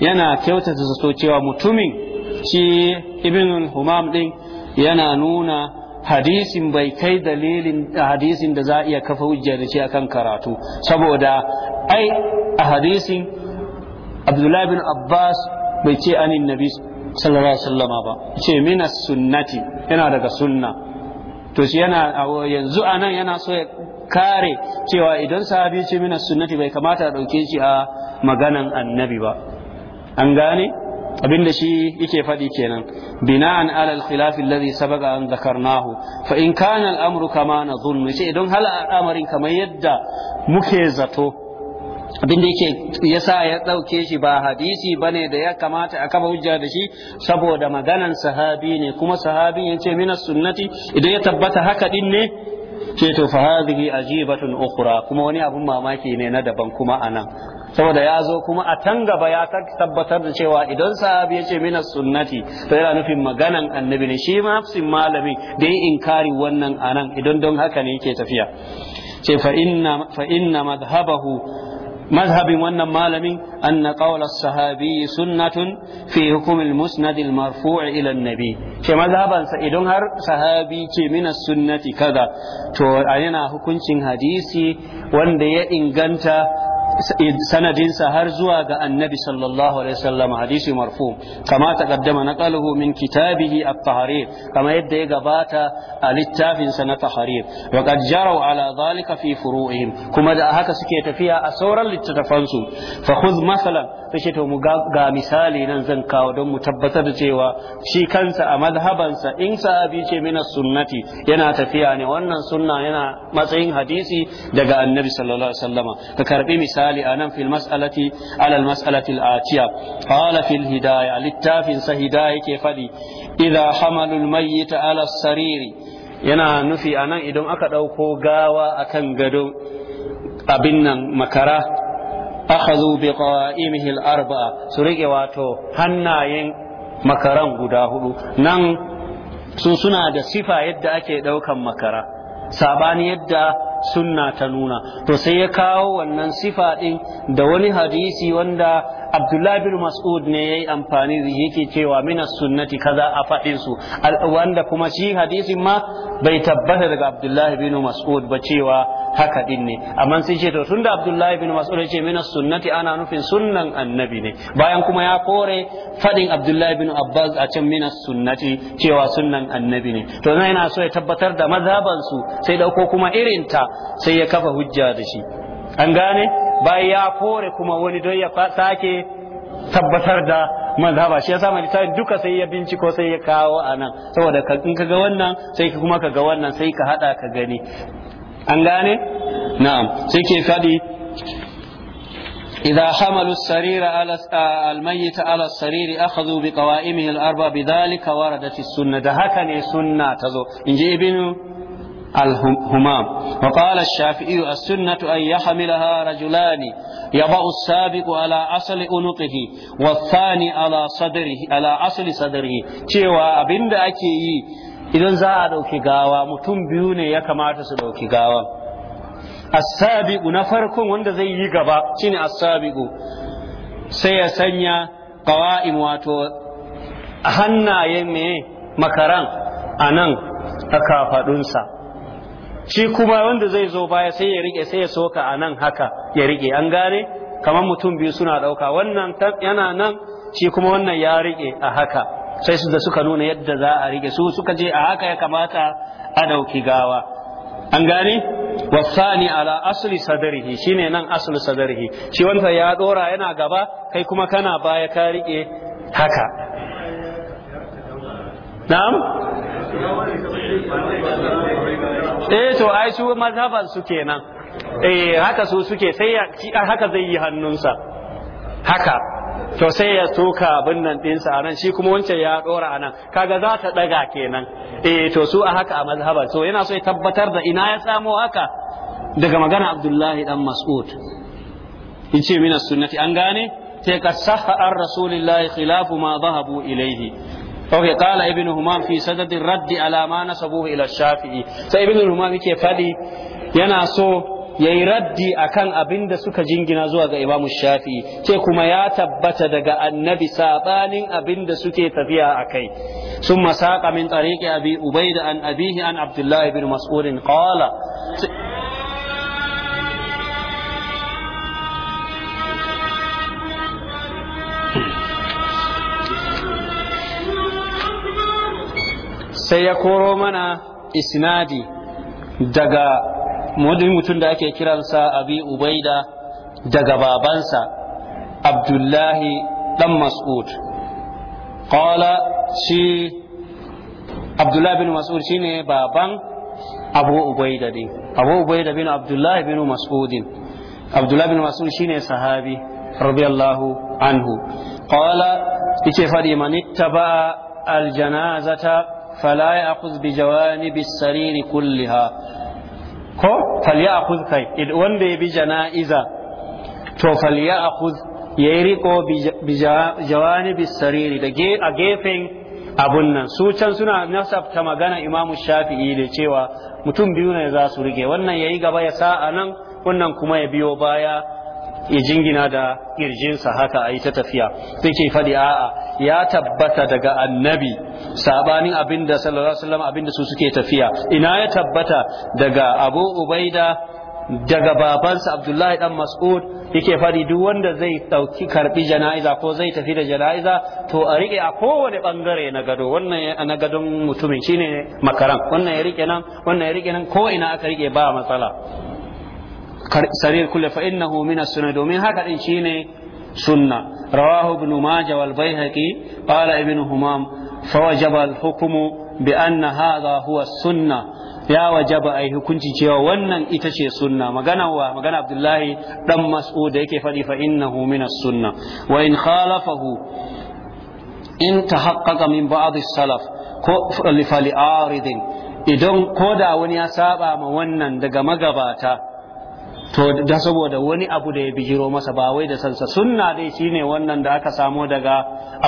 yana kyautata zato cewa mutumin shi ibn humam din yana nuna hadisin bai kai dalilin hadisin da za a iya kafa hujja da shi akan karatu saboda ai a hadisin abdullahi bin abbas bai ce anin nabi sallallahu alaihi wasallama ba ce mina sunnati yana daga sunna to shi yana yanzu anan yana so ya kare cewa idan sahabi ce mina sunnati bai kamata a dauke shi a maganan annabi ba an gane abinda shi yake faɗi kenan bina'an ala al-khilaf alladhi sabaqa an dhakarnahu fa in kana al-amru kama nadhun ce idan hal amarin kamar yadda muke zato da yake yasa ya dauke shi ba hadisi bane da ya kamata a kafa hujja da shi saboda maganan sahabi ne kuma sahabin ce mina sunnati idan ya tabbata haka din ne ce to fa hadhihi ajibatun ukhra kuma wani abun mamaki ne na daban kuma anan saboda ya zo kuma a can gaba ya tabbatar da cewa idan sahabi ya ce mina sunnati to yana nufin maganan annabi ne shi mafsin malami da ya inkari wannan anan idan don haka ne yake tafiya ce fa inna mazhabin wannan malamin anna qawla sahabi sunnatun fi hukumil musnad al marfu' ila nabi ce sa idan har sahabi ce mina sunnati kaza to yana hukuncin hadisi wanda ya inganta sanadinsa har zuwa ga annabi sallallahu alaihi wasallam hadisi marfu kama na naqaluhu min kitabihi at-tahrir kama yadda ya gabata a littafin sa na tahrir wa qad jaraw ala zalika fi furu'ihim kuma da haka suke tafiya a sauran littattafan su fa khudh masalan kace to mu ga misali nan zan kawo don mu tabbatar da cewa shi kansa a madhabansa in sahabi ce mina sunnati yana tafiya ne wannan sunna yana matsayin hadisi daga annabi sallallahu alaihi wasallama ka karbi misali misali anan fil mas'alati ala al mas'alati al atiya qala fil hidaya littafin sa hidaya yake fadi idha hamalu al ala sariri yana nufi a nan idan aka ɗauko gawa a kan gado abin nan makara akhadhu bi qa'imihi arba'a su rike wato hannayen makaran guda hudu nan su suna da sifa yadda ake ɗaukan makara sabani yadda sunna ta nuna to sai ya kawo wannan sifa din da wani hadisi wanda abdullahi bin mas'ud ne yayi amfani da yake cewa mina sunnati kaza a faɗin su wanda kuma shi hadisin ma bai tabbata daga abdullahi bin mas'ud ba cewa haka din ne amma sai ce to tunda abdullahi bin mas'ud ya ce mina sunnati ana nufin sunnan annabi ne bayan kuma ya kore faɗin abdullahi bin abbas a can mina sunnati cewa sunnan annabi ne to nan yana so ya tabbatar da mazhaban su sai dauko kuma irinta sai ya kafa hujja da shi an gane bayan ya kore kuma wani don ya sake tabbatar da mazhaba shi yasa mai tsari duka sai ya binciko sai ya kawo a nan saboda in ka ga wannan sai kuma ka ga wannan sai ka hada ka gani an gane na'am sai ke faɗi إذا حملوا السرير على الميت على السرير أخذوا بقوائمه الأربع بذلك وردت السنة ده هكذا السنة تزو إن ابن الهمام وقال الشافعي السنة أن يحملها رجلان يضع السابق على أصل أنقه والثاني على صدره على أصل صدره cewa abinda ake yi idan za a ɗauki gawa mutum biyu ne ya kamata su ɗauki gawa asabiqu na farkon wanda zai yi gaba shine asabiqu sai ya sanya qawa'im wato hannaye me makaran a nan a kafadunsa shi kuma wanda zai zo baya sai ya rike sai ya soka a nan haka ya rike an gane kamar mutum biyu suna ɗauka wannan yana nan shi kuma wannan ya rike a haka sai su da suka nuna yadda za a rike su suka je a haka ya kamata a ɗauki gawa an gane wasani ala asli sadarihi shine nan asli sadarihi shi wanda ya dora yana gaba kai kuma kana baya ka rike haka na'am eh to ai su mazhaban su kenan eh haka su suke sai ya haka zai yi hannunsa haka to sai ya tuka abin nan ɗinsa a nan shi kuma wancan ya ɗora a nan kaga za ta ɗaga kenan eh to su a haka a mazhaban so yana so ya tabbatar da ina ya samo haka daga magana abdullahi dan mas'ud yace mina sunnati an gane sai ka sahha rasulillahi khilafu ma dhahabu ilaihi okay kala ibn humam fi sadadin raddi alama na nasabuhu ila shafi'i sai ibn humam yake faɗi yana so ya yi raddi kan abin da suka jingina zuwa ga imamu shafi'i ce kuma ya tabbata daga annabi saɓanin abin da suke tafiya a kai ساق من طريق أبي أبيد عن an عن عبد الله بن مسعود قال sai ya koro mana isnadi daga mudin mutum da ake kiransa abi ubaida daga babansa abdullahi dan mas'ud qala shi abdullahi bin mas'ud shine baban abu ubaida din abu ubaida bin abdullahi bin mas'ud abdullahi bin mas'ud shine sahabi radiyallahu anhu qala yace fadi man ittaba al janazata fala ya akuz bi jawanibi sariri kulliha ko fal ya kai wanda ya bi jana'iza to fal ya akuz ya yi riko bi sariri da a gefen abun nan su can suna nasabta magana imamu shafi'i da cewa mutum biyu ne za su rike wannan ya yi gaba ya sa a nan wannan kuma ya biyo baya ya jingina da kirjinsa haka a yi ta tafiya suke faɗi a'a ya tabbata daga annabi sabanin da sallallahu alaihi wasallam da su suke tafiya ina ya tabbata daga abu ubaida daga babansa abdullahi dan mas'ud yake faɗi duk wanda zai ɗauki karɓi jana'iza ko zai tafi da jana'iza to a rike a kowane bangare na gado wannan na gadon mutumin shine makaran wannan ya riƙe nan wannan ya rike nan ko ina aka rike ba matsala sarir kulle fa innahu min domin haka din shine sunna rawahu ibn majah wal baihaqi qala ibn humam fa wajaba al-hukmu bi anna hadha huwa as-sunnah ya wajaba ai hukunci cewa wannan ita ce sunna magana wa magana abdullahi dan mas'ud da yake fadi fa innahu min as-sunna wa in khalafahu in tahaqqaqa min ba'd as-salaf ko li aridin idan koda wani ya saɓa ma wannan daga magabata to da saboda wani abu da ya bijiro masa ba wai da sansa sunna dai shine wannan da aka samo daga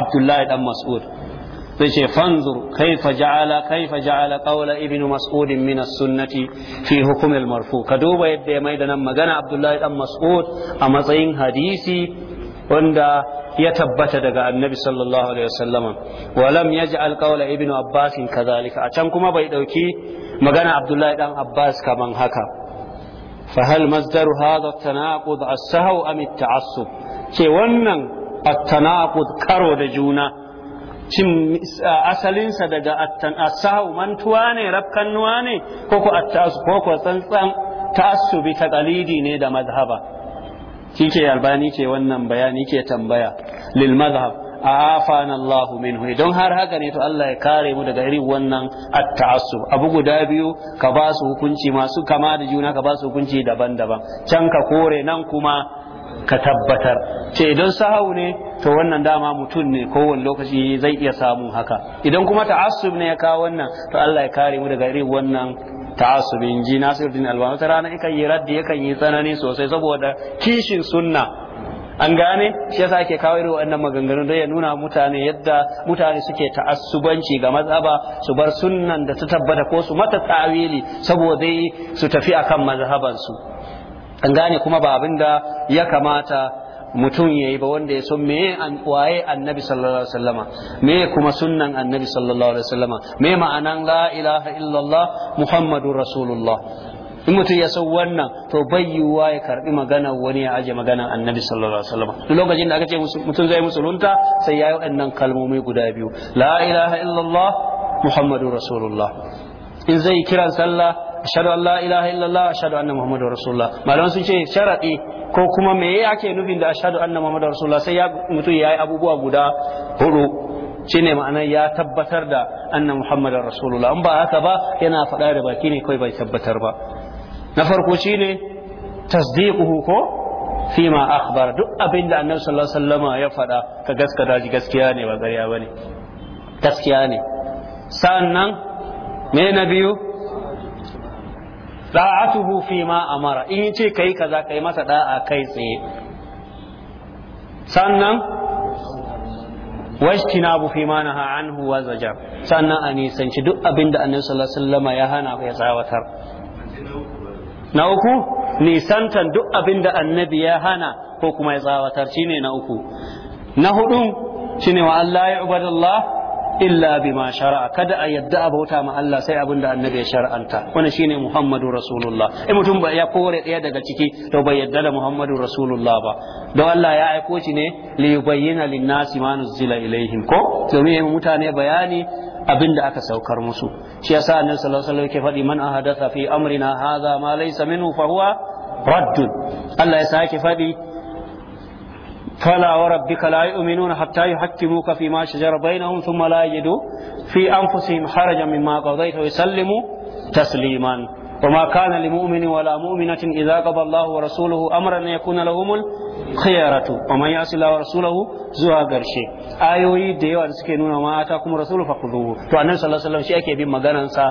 abdullahi dan mas'ud sai ce fanzur kaifa ja'ala kaifa ja'ala qawla ibnu mas'ud min as-sunnati fi hukm al-marfu ka duba yadda ya mai da nan magana abdullahi dan mas'ud a matsayin hadisi wanda ya tabbata daga annabi sallallahu alaihi ya wa lam yaj'al qawla ibnu abbas kadhalika a can kuma bai dauki magana abdullahi dan abbas kaman haka فهل مصدر هذا التناقض السهو أم التعصب كي ونن karo da juna. cin asalinsa daga sahau mantuwa ne rafkannuwa ne ko ko tsantsan ta'assubi ta qalidi ne da mazhaba kike albani ce wannan bayani ke tambaya lil mazhab afana Allah minhu idan har haka ne to Allah ya kare mu daga irin wannan at abu guda biyu ka ba su hukunci masu kama da juna ka ba su hukunci daban-daban can ka kore nan kuma ka tabbatar ce idan sahau ne to wannan dama mutum ne kowane lokaci zai iya samu haka idan kuma ta'assub ne ya kawo wannan to Allah ya kare mu daga irin wannan ta'asubin ji nasiruddin albani wata rana yakan yi raddi yakan yi tsanani sosai saboda kishin sunna an gane shi yasa ake kawo irin wannan maganganu don ya nuna mutane yadda mutane suke ta'assubanci ga mazhaba su bar sunnan da ta tabbata ko su mata tawili saboda su tafi akan mazhaban su an gane kuma ba abin da ya kamata mutum ya yi ba wanda ya so me waye annabi sallallahu alaihi wasallama me kuma sunnan annabi sallallahu alaihi wasallama me ma'anan la ilaha illallah muhammadur rasulullah in mutum ya san wannan to bai wa ya karbi magana wani ya aje magana annabi sallallahu alaihi wasallam duk lokacin da aka ce mutum zai musulunta sai yayi waɗannan kalmomi guda biyu la ilaha illallah muhammadur rasulullah in zai kiran sallah ashhadu an la ilaha illallah ashhadu anna muhammadur rasulullah malaman sun ce sharadi ko kuma me ake nufin da ashhadu anna muhammadur rasulullah sai ya mutum yayi abubuwa guda hudu shine ma'ana ya tabbatar da anna muhammadar rasulullah in ba haka ba yana faɗa da baki ne kawai bai tabbatar ba na farko shi shine tasdiquhu ko fima akhbar duk abin da annabi sallallahu alaihi wasallama ya faɗa ka gaskata shi gaskiya ne ba ƙarya bane gaskiya ne Sannan, me na biyu da'atuhu fima amara in ce kai kaza kai masa da'a kai tsaye sannan wajtinabu fi ma naha anhu wa zajar sannan a nisanci duk abin da annabi sallallahu alaihi wasallam ya hana ya tsawatar na uku nisantan duk abin da annabi ya hana ko kuma ya tsawatar shine na uku na hudu shine wa Allah ya ubadallah illa bima shara'a kada a yadda a bauta ma Allah sai abin da annabi ya shar'anta wannan shine Muhammadu Rasulullah in mutum ya kore ɗaya daga ciki to bai yadda da Muhammadu Rasulullah ba don Allah ya aiko shi ne li yubayyana lin-nasi ma nuzila ilaihim ko domin mutane bayani abin da aka saukar musu shi yasa annabi sallallahu alaihi wasallam ke faɗi man ahadatha fi amrina hadha ma laysa minhu fa huwa raddun Allah ya sake faɗi فلا وربك لا يؤمنون حتى يحكموك فيما شجر بينهم ثم لا يجدوا في أنفسهم حرجا مما قضيت ويسلموا تسليما وما كان لمؤمن ولا مؤمنة إذا قضى الله ورسوله أمرا أن يكون لهم الخيارة ومن يعص الله ورسوله زوها قرشي آيوي ديوا سكينون وما آتاكم الرسول فخذوه تو النبي صلى الله عليه وسلم شيء أكي بما غنان سا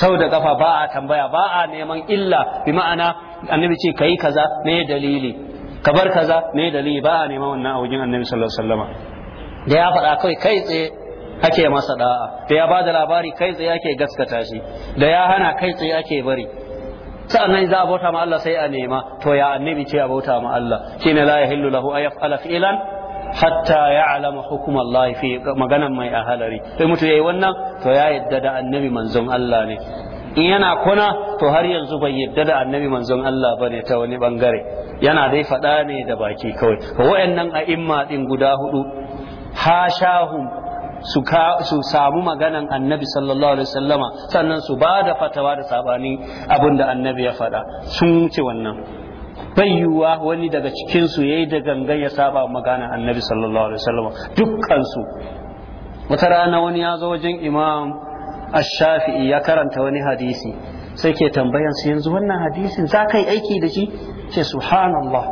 سودا قفا باعة تنبيا باعة نيمان إلا بمعنى النبي شيء كي كذا ما دليلي ka bar kaza me dalili ba a neman wannan a wajen annabi sallallahu alaihi da ya faɗa kai kai tsaye ake masa da'a da ya ba da labari kai tsaye ake gaskata shi da ya hana kai tsaye ake bari sa'annan za a bauta ma Allah sai a nema to ya annabi ce a bauta ma Allah shine la yahillu lahu ay yaf'ala fi'lan hatta ya'lama hukum Allah fi maganan mai ahalari sai mutu yayi wannan to ya yadda da annabi manzon Allah ne in yana kuna to har yanzu bai yadda da annabi manzon Allah ba ne ta wani bangare yana dai faɗa ne da baki kawai wa'annan a'imma din guda hudu hashahum su samu maganan annabi sallallahu alaihi wasallama sannan su ba da fatawa da sabanin abin da annabi ya faɗa sun wuce wannan bai yiwuwa wani daga cikinsu ya yi da gangan ya saba maganan annabi sallallahu alaihi wasallama dukkansu wata rana wani ya zo wajen imam ash-shafi'i ya karanta wani hadisi sai ke tambayan yanzu wannan hadisin za ka yi aiki da shi ce subhanallah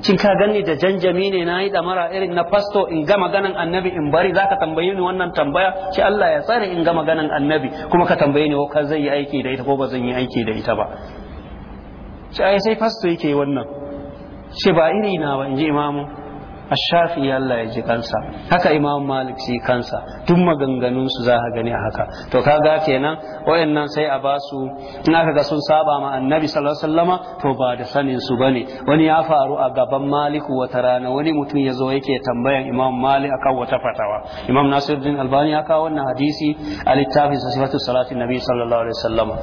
cin ka gani da janjami ne na yi mara irin na fasto in ga maganan annabi in bari za ka tambaye ni wannan tambaya ce Allah ya tsare in ga maganan annabi kuma ka tambaye ni ka zai yi aiki da ita ko ba zan yi aiki da ita ba ce ai sai fasto yake wannan ce ba iri na ba in ji imamu ashafi Allah ya ji kansa haka imam malik shi kansa duk maganganun su za ka gani a haka to kaga kenan wayannan sai a basu in aka ga sun saba ma annabi sallallahu alaihi wasallama to ba da sanin su bane wani ya faru a gaban maliku wata rana wani mutum ya zo yake tambayan imam malik akan wata fatawa imam nasiruddin albani ya kawo wannan hadisi a littafin sifatu salatin nabi sallallahu alaihi wasallama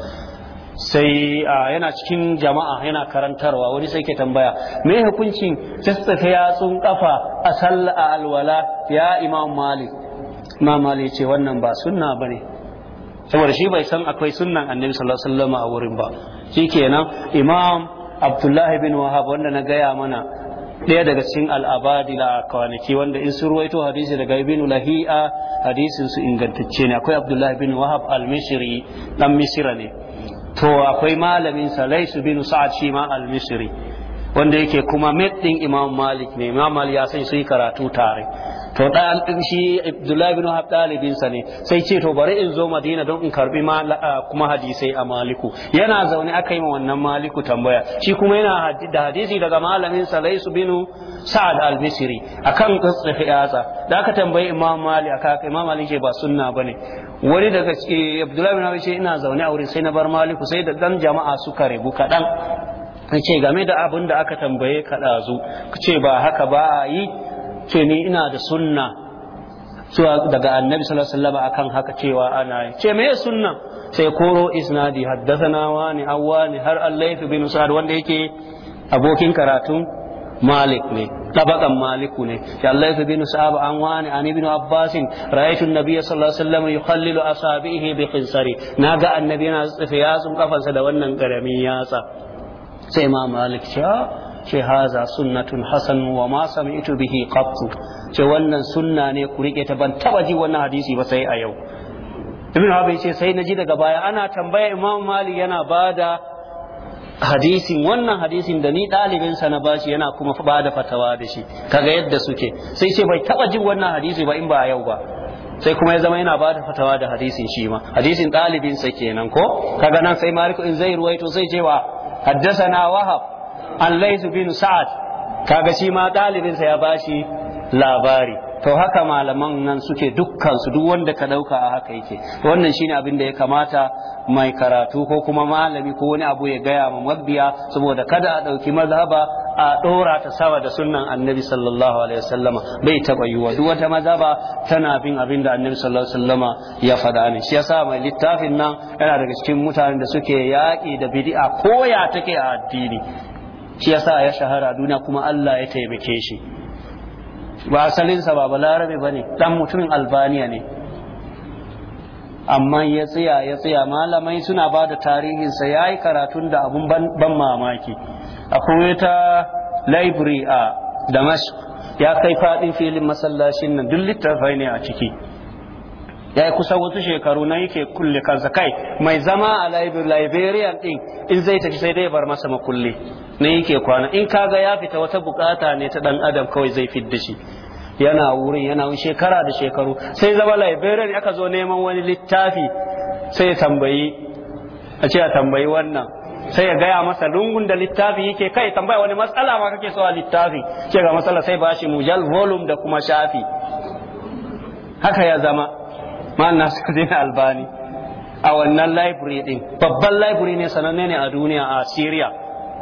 sai yana cikin jama'a yana karantarwa wani sai ke tambaya me hukuncin tattaka yatsun kafa a sallah a alwala ya imam malik imam malik ce wannan ba sunna bane saboda shi bai san akwai sunnan annabi sallallahu alaihi wasallam a wurin ba shikenan imam abdullahi bin wahab wanda na gaya mana ɗaya daga cikin al'abadi la kwanaki wanda in sun ruwaito hadisi daga ibn lahi'a hadisin su ingantacce ne akwai abdullahi bin wahab al misri dan misira ne to akwai malamin sa laisu bin sa'ad shi ma al-misri wanda yake kuma ɗin imam malik ne imam malik ya san sai karatu tare to an din shi abdullahi bin wahab sa ne sai ce to bari in zo madina don in karbi kuma hadisai a maliku yana zaune aka yi ma wannan maliku tambaya shi kuma yana da hadisi daga malamin sa laisu bin sa'ad al-misri akan tsatsafi yatsa da aka tambayi imam malik aka imam malik ba sunna bane wani daga gaske abdullahi bin ce ina zaune a wurin sai na bar maliku sai da dan jama'a suka rebu kaɗan na ce game da abin da aka tambaye ka ɗazu ce ba haka ba a yi ce ni ina da sunna zuwa daga annabi sallallahu alaihi wasallam akan haka cewa ana yi ce me sunna sai koro isnadi haddathana wani awwani har allahi bin sa'ad wanda yake abokin karatun مالك ني طبقا مالك ني الله بن سعب عن وان عن ابن عباس رأيت النبي صلى الله عليه وسلم يخلل أصابعه بخنصري ناقا النبي في ياسم قفل سدونا قرمي ياسا سيما مالك شاء ce haza sunnatun hasan wa ma sami'tu bihi qattu ce wannan sunna ne ku rike ta ban taba ji wannan hadisi ba sai a yau ibn abi ce sai daga baya ana tambaya imam malik yana bada hadisin wannan hadisin da ni ɗalibin sa na bashi yana kuma ba da fatawa da shi kaga yadda suke sai ce bai taba jin wannan hadisi ba in ba yau ba sai kuma ya zama yana bada fatawa da hadisin shi ma hadisin ɗalibin sa kenan ko kaga nan sai maliku in zai ruwaito sai cewa na wahab an laysu bin sa'ad kaga shi ma ɗalibin sa ya bashi labari to haka malaman nan suke dukkansu su duk wanda ka dauka a haka yake wannan shine abin da ya kamata mai karatu ko kuma malami ko wani abu ya gaya ma mabiya saboda kada a dauki mazhaba a dora ta sawa da sunnan annabi sallallahu alaihi wasallama bai taba yiwa duk wata mazhaba tana bin abin da annabi sallallahu alaihi wasallama ya faɗa ne shi yasa mai littafin nan yana daga cikin mutanen da suke yaƙi da bid'a koya take a addini shi yasa ya shahara duniya kuma Allah ya taimake shi ba asalinsa ba balarabe ba ne ɗan mutumin albaniya ne amma ya tsaya ya tsaya malamai suna ba da tarihinsa ya yi karatun da abun ban mamaki akwai ta library a damas ya kai faɗin filin masallacin nan duk littafai ne a ciki ya kusa wasu shekaru na yake kulle kansa kai mai zama a liberian din in zai tafi sai dai bar masa makulli na yake kwana in kaga ya fita wata bukata ne ta dan adam kawai zai da shi yana wurin yana wurin shekara da shekaru sai zama liberian aka zo neman wani littafi sai ya tambayi a ce a tambayi wannan sai ya gaya masa lungun da littafi yake kai tambaya wani matsala ma kake so a littafi ce ga matsala sai ba shi mujal volume da kuma shafi haka ya zama ma'an su na albani a wannan library din babban library ne sananne ne a duniya a syria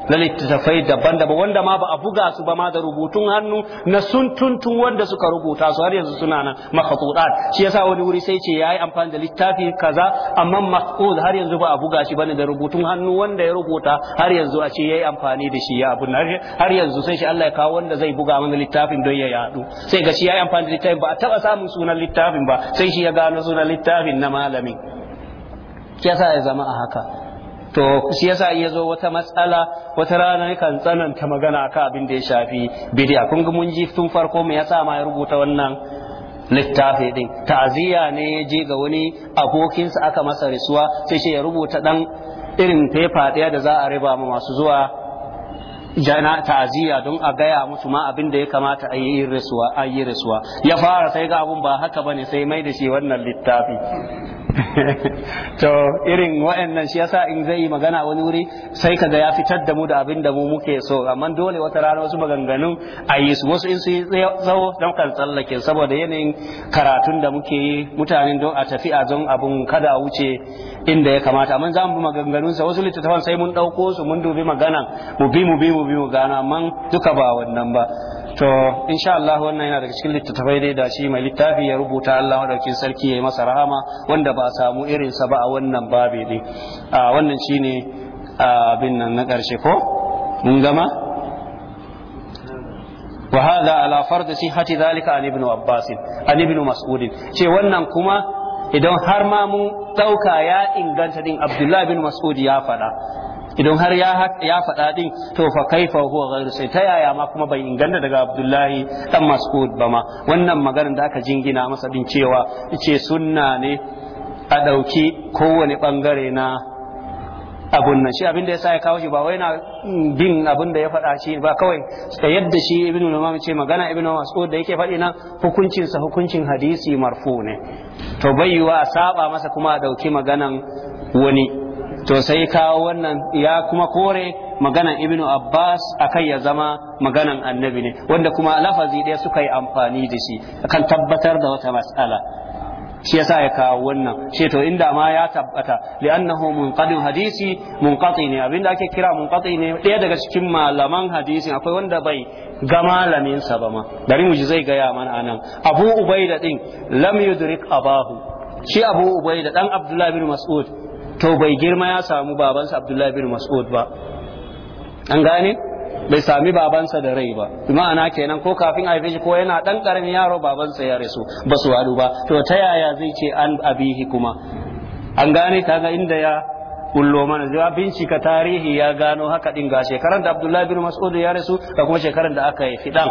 na littattafai daban-daban wanda ma ba a buga su ba ma da rubutun hannu na sun tuntun wanda suka rubuta su har yanzu suna nan makhdurat shi yasa wani wuri sai ce yayi amfani da littafi kaza amma maqul har yanzu ba a buga shi bane da rubutun hannu wanda ya rubuta har yanzu a ce yayi amfani da shi ya abun har yanzu sai shi Allah ya kawo wanda zai buga mana littafin don ya yadu sai ga shi yayi amfani da littafin ba a taba samun sunan littafin ba sai shi ya gano sunan littafin na malamin yasa ya zama a haka to shi yasa in zo wata matsala wata rana kan tsananta magana akan abin da ya shafi bidiya kun ga mun ji tun farko me yasa ma ya rubuta wannan littafi din ta'aziyya ne ya je ga wani abokinsa aka masa risuwa sai shi ya rubuta dan irin fefa ɗaya da za a riba ma masu zuwa jana ta'aziyya don a gaya musu ma abin da ya kamata a yi rasuwa a yi rasuwa ya fara sai ga abun ba haka bane sai mai da shi wannan littafi to irin wa'annan shi yasa in zai yi magana wani wuri sai kaga ya fitar da mu da abin da mu muke so amma dole wata rana wasu maganganun a yi su wasu in su yi tsawo don kan tsallake saboda yanayin karatun da muke yi mutanen don a tafi a zon abun kada a wuce inda ya kamata amma za mu bi maganganun sa wasu littattafan sai mun ɗauko su mun dubi magana mu bi mu bi mu biyu bi mu gano man duka ba wannan ba to insha Allah wannan yana daga cikin littattafai dai da shi mai littafi ya rubuta Allah madaukin sarki ya yi masa rahama wanda ba samu irinsa ba a wannan babi ne a wannan shine abin nan na karshe ko mun gama wa hadha ala fard sihhati dhalika an ibnu abbas an ibnu mas'ud ce wannan kuma idan har ma mun ɗauka ya inganta din abdullahi bin mas'ud ya faɗa idan har ya faɗa ɗin to fa kaifa huwa ghairu sai ta yaya ma kuma bai inganta daga Abdullahi dan Mas'ud ba ma wannan maganar da aka jingina masa din cewa ce sunna ne a ɗauki kowane ɓangare na abun nan shi abin da yasa ya kawo shi ba wai na bin abin da ya faɗa shi ba kawai da yadda shi ibnu umam ce magana ibnu mas'ud da yake faɗi nan hukuncin sa hukuncin hadisi marfu ne to bai yiwa a saba masa kuma a ɗauki maganan wani to sai kawo wannan ya kuma kore maganan ibnu abbas akai ya zama maganan annabi ne wanda kuma lafazi ɗaya suka yi amfani da shi akan tabbatar da wata matsala. shi yasa ya kawo wannan shi to inda ma ya tabbata li'annahu munqadi hadisi munqati ne abinda ake kira munqati ne ɗaya daga cikin malaman hadisin akwai wanda bai ga malamin sa ba ma dari mu zai zai gaya mana anan Abu Ubaida din lam yudrik abahu shi Abu Ubaida dan Abdullahi bin Mas'ud to bai girma ya samu babansa abdullahi bin mas'ud ba an gane bai sami babansa da rai ba ma'ana kenan ko kafin a shi ko yana dan karamin yaro babansa ya rasu ba su haɗu ba to ta yaya zai ce an abihi kuma an gane kaga inda ya kullo mana zai bincika tarihi ya gano haka din ga shekaran da Abdullahi bin Mas'ud ya rasu da kuma shekaran da aka yi dan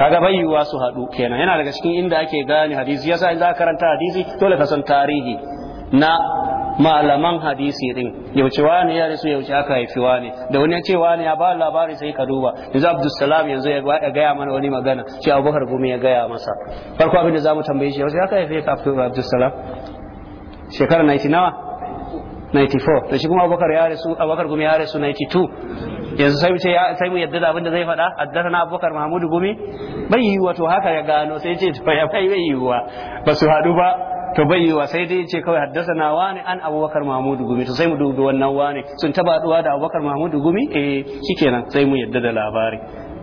kaga bai yiwuwa su haɗu kenan yana daga cikin inda ake gane hadisi yasa in za ka karanta hadisi dole ka san tarihi na malaman hadisi din yauce wani ya rasu yauce aka haifi wani da wani ce wani ya ba labari sai ka duba yanzu abdulsalam yanzu ya gaya mana wani magana shi abubakar gumi ya gaya masa farko abin da zamu tambaye shi yauce aka haife ka abdulsalam shekara 90 nawa 94 da shi kuma abubakar ya rasu abubakar gumi ya rasu 92 yanzu sai mu ce sai mu yadda abin da zai faɗa addana abubakar mahmudu gumi bai yiwuwa to haka ya gano sai ce to ya bai yiwuwa ba su haɗu ba to bai yiwa sai dai ce kawai haddasa na wani an abubakar mahmudu gumi to sai mu dubi wannan wani sun taba duwa da abubakar mahmudu gumi eh shikenan sai mu yadda da labari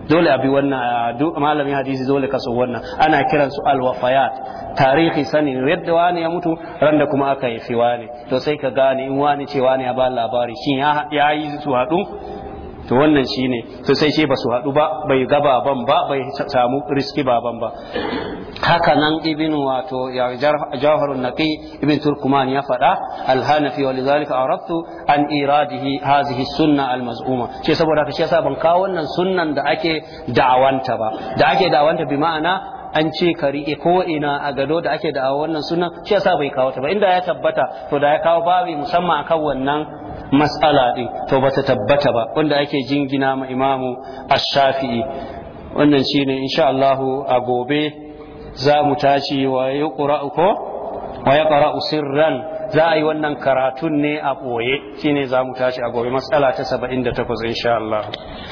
dole a bi wannan malamin hadisi dole ka wannan ana kiran su alwafayat tarihi sani yadda wani ya mutu ran da kuma aka yi wani to sai ka gane in wani ce wani ya ba labari shin ya yi su haɗu to wannan shine to sai shi basu haɗu ba bai gaba ban ba bai samu riski baban ba haka nan ibn wato ya jawharun naqi ibn turkuman ya faɗa alhanafi wa lidhalika aradtu an iradihi hadhihi sunna almaz'uma shi saboda haka shi yasa ban kawo wannan sunnan da ake da'awanta ba da ake da'awanta bi ma'ana an ce ka riƙe ko'ina a gado da ake da wannan sunan shi yasa bai kawo ta ba inda ya tabbata to da ya kawo babi musamman akan wannan mas'ala din to ba ta tabbata ba wanda ake jingina ma imamu ash-shafi'i wannan shine insha Allah a gobe za mu tashi wa yaqra'u ko wa yaqra'u sirran za a yi wannan karatun ne a ɓoye shine za mu tashi a gobe matsala ta 78 insha Allah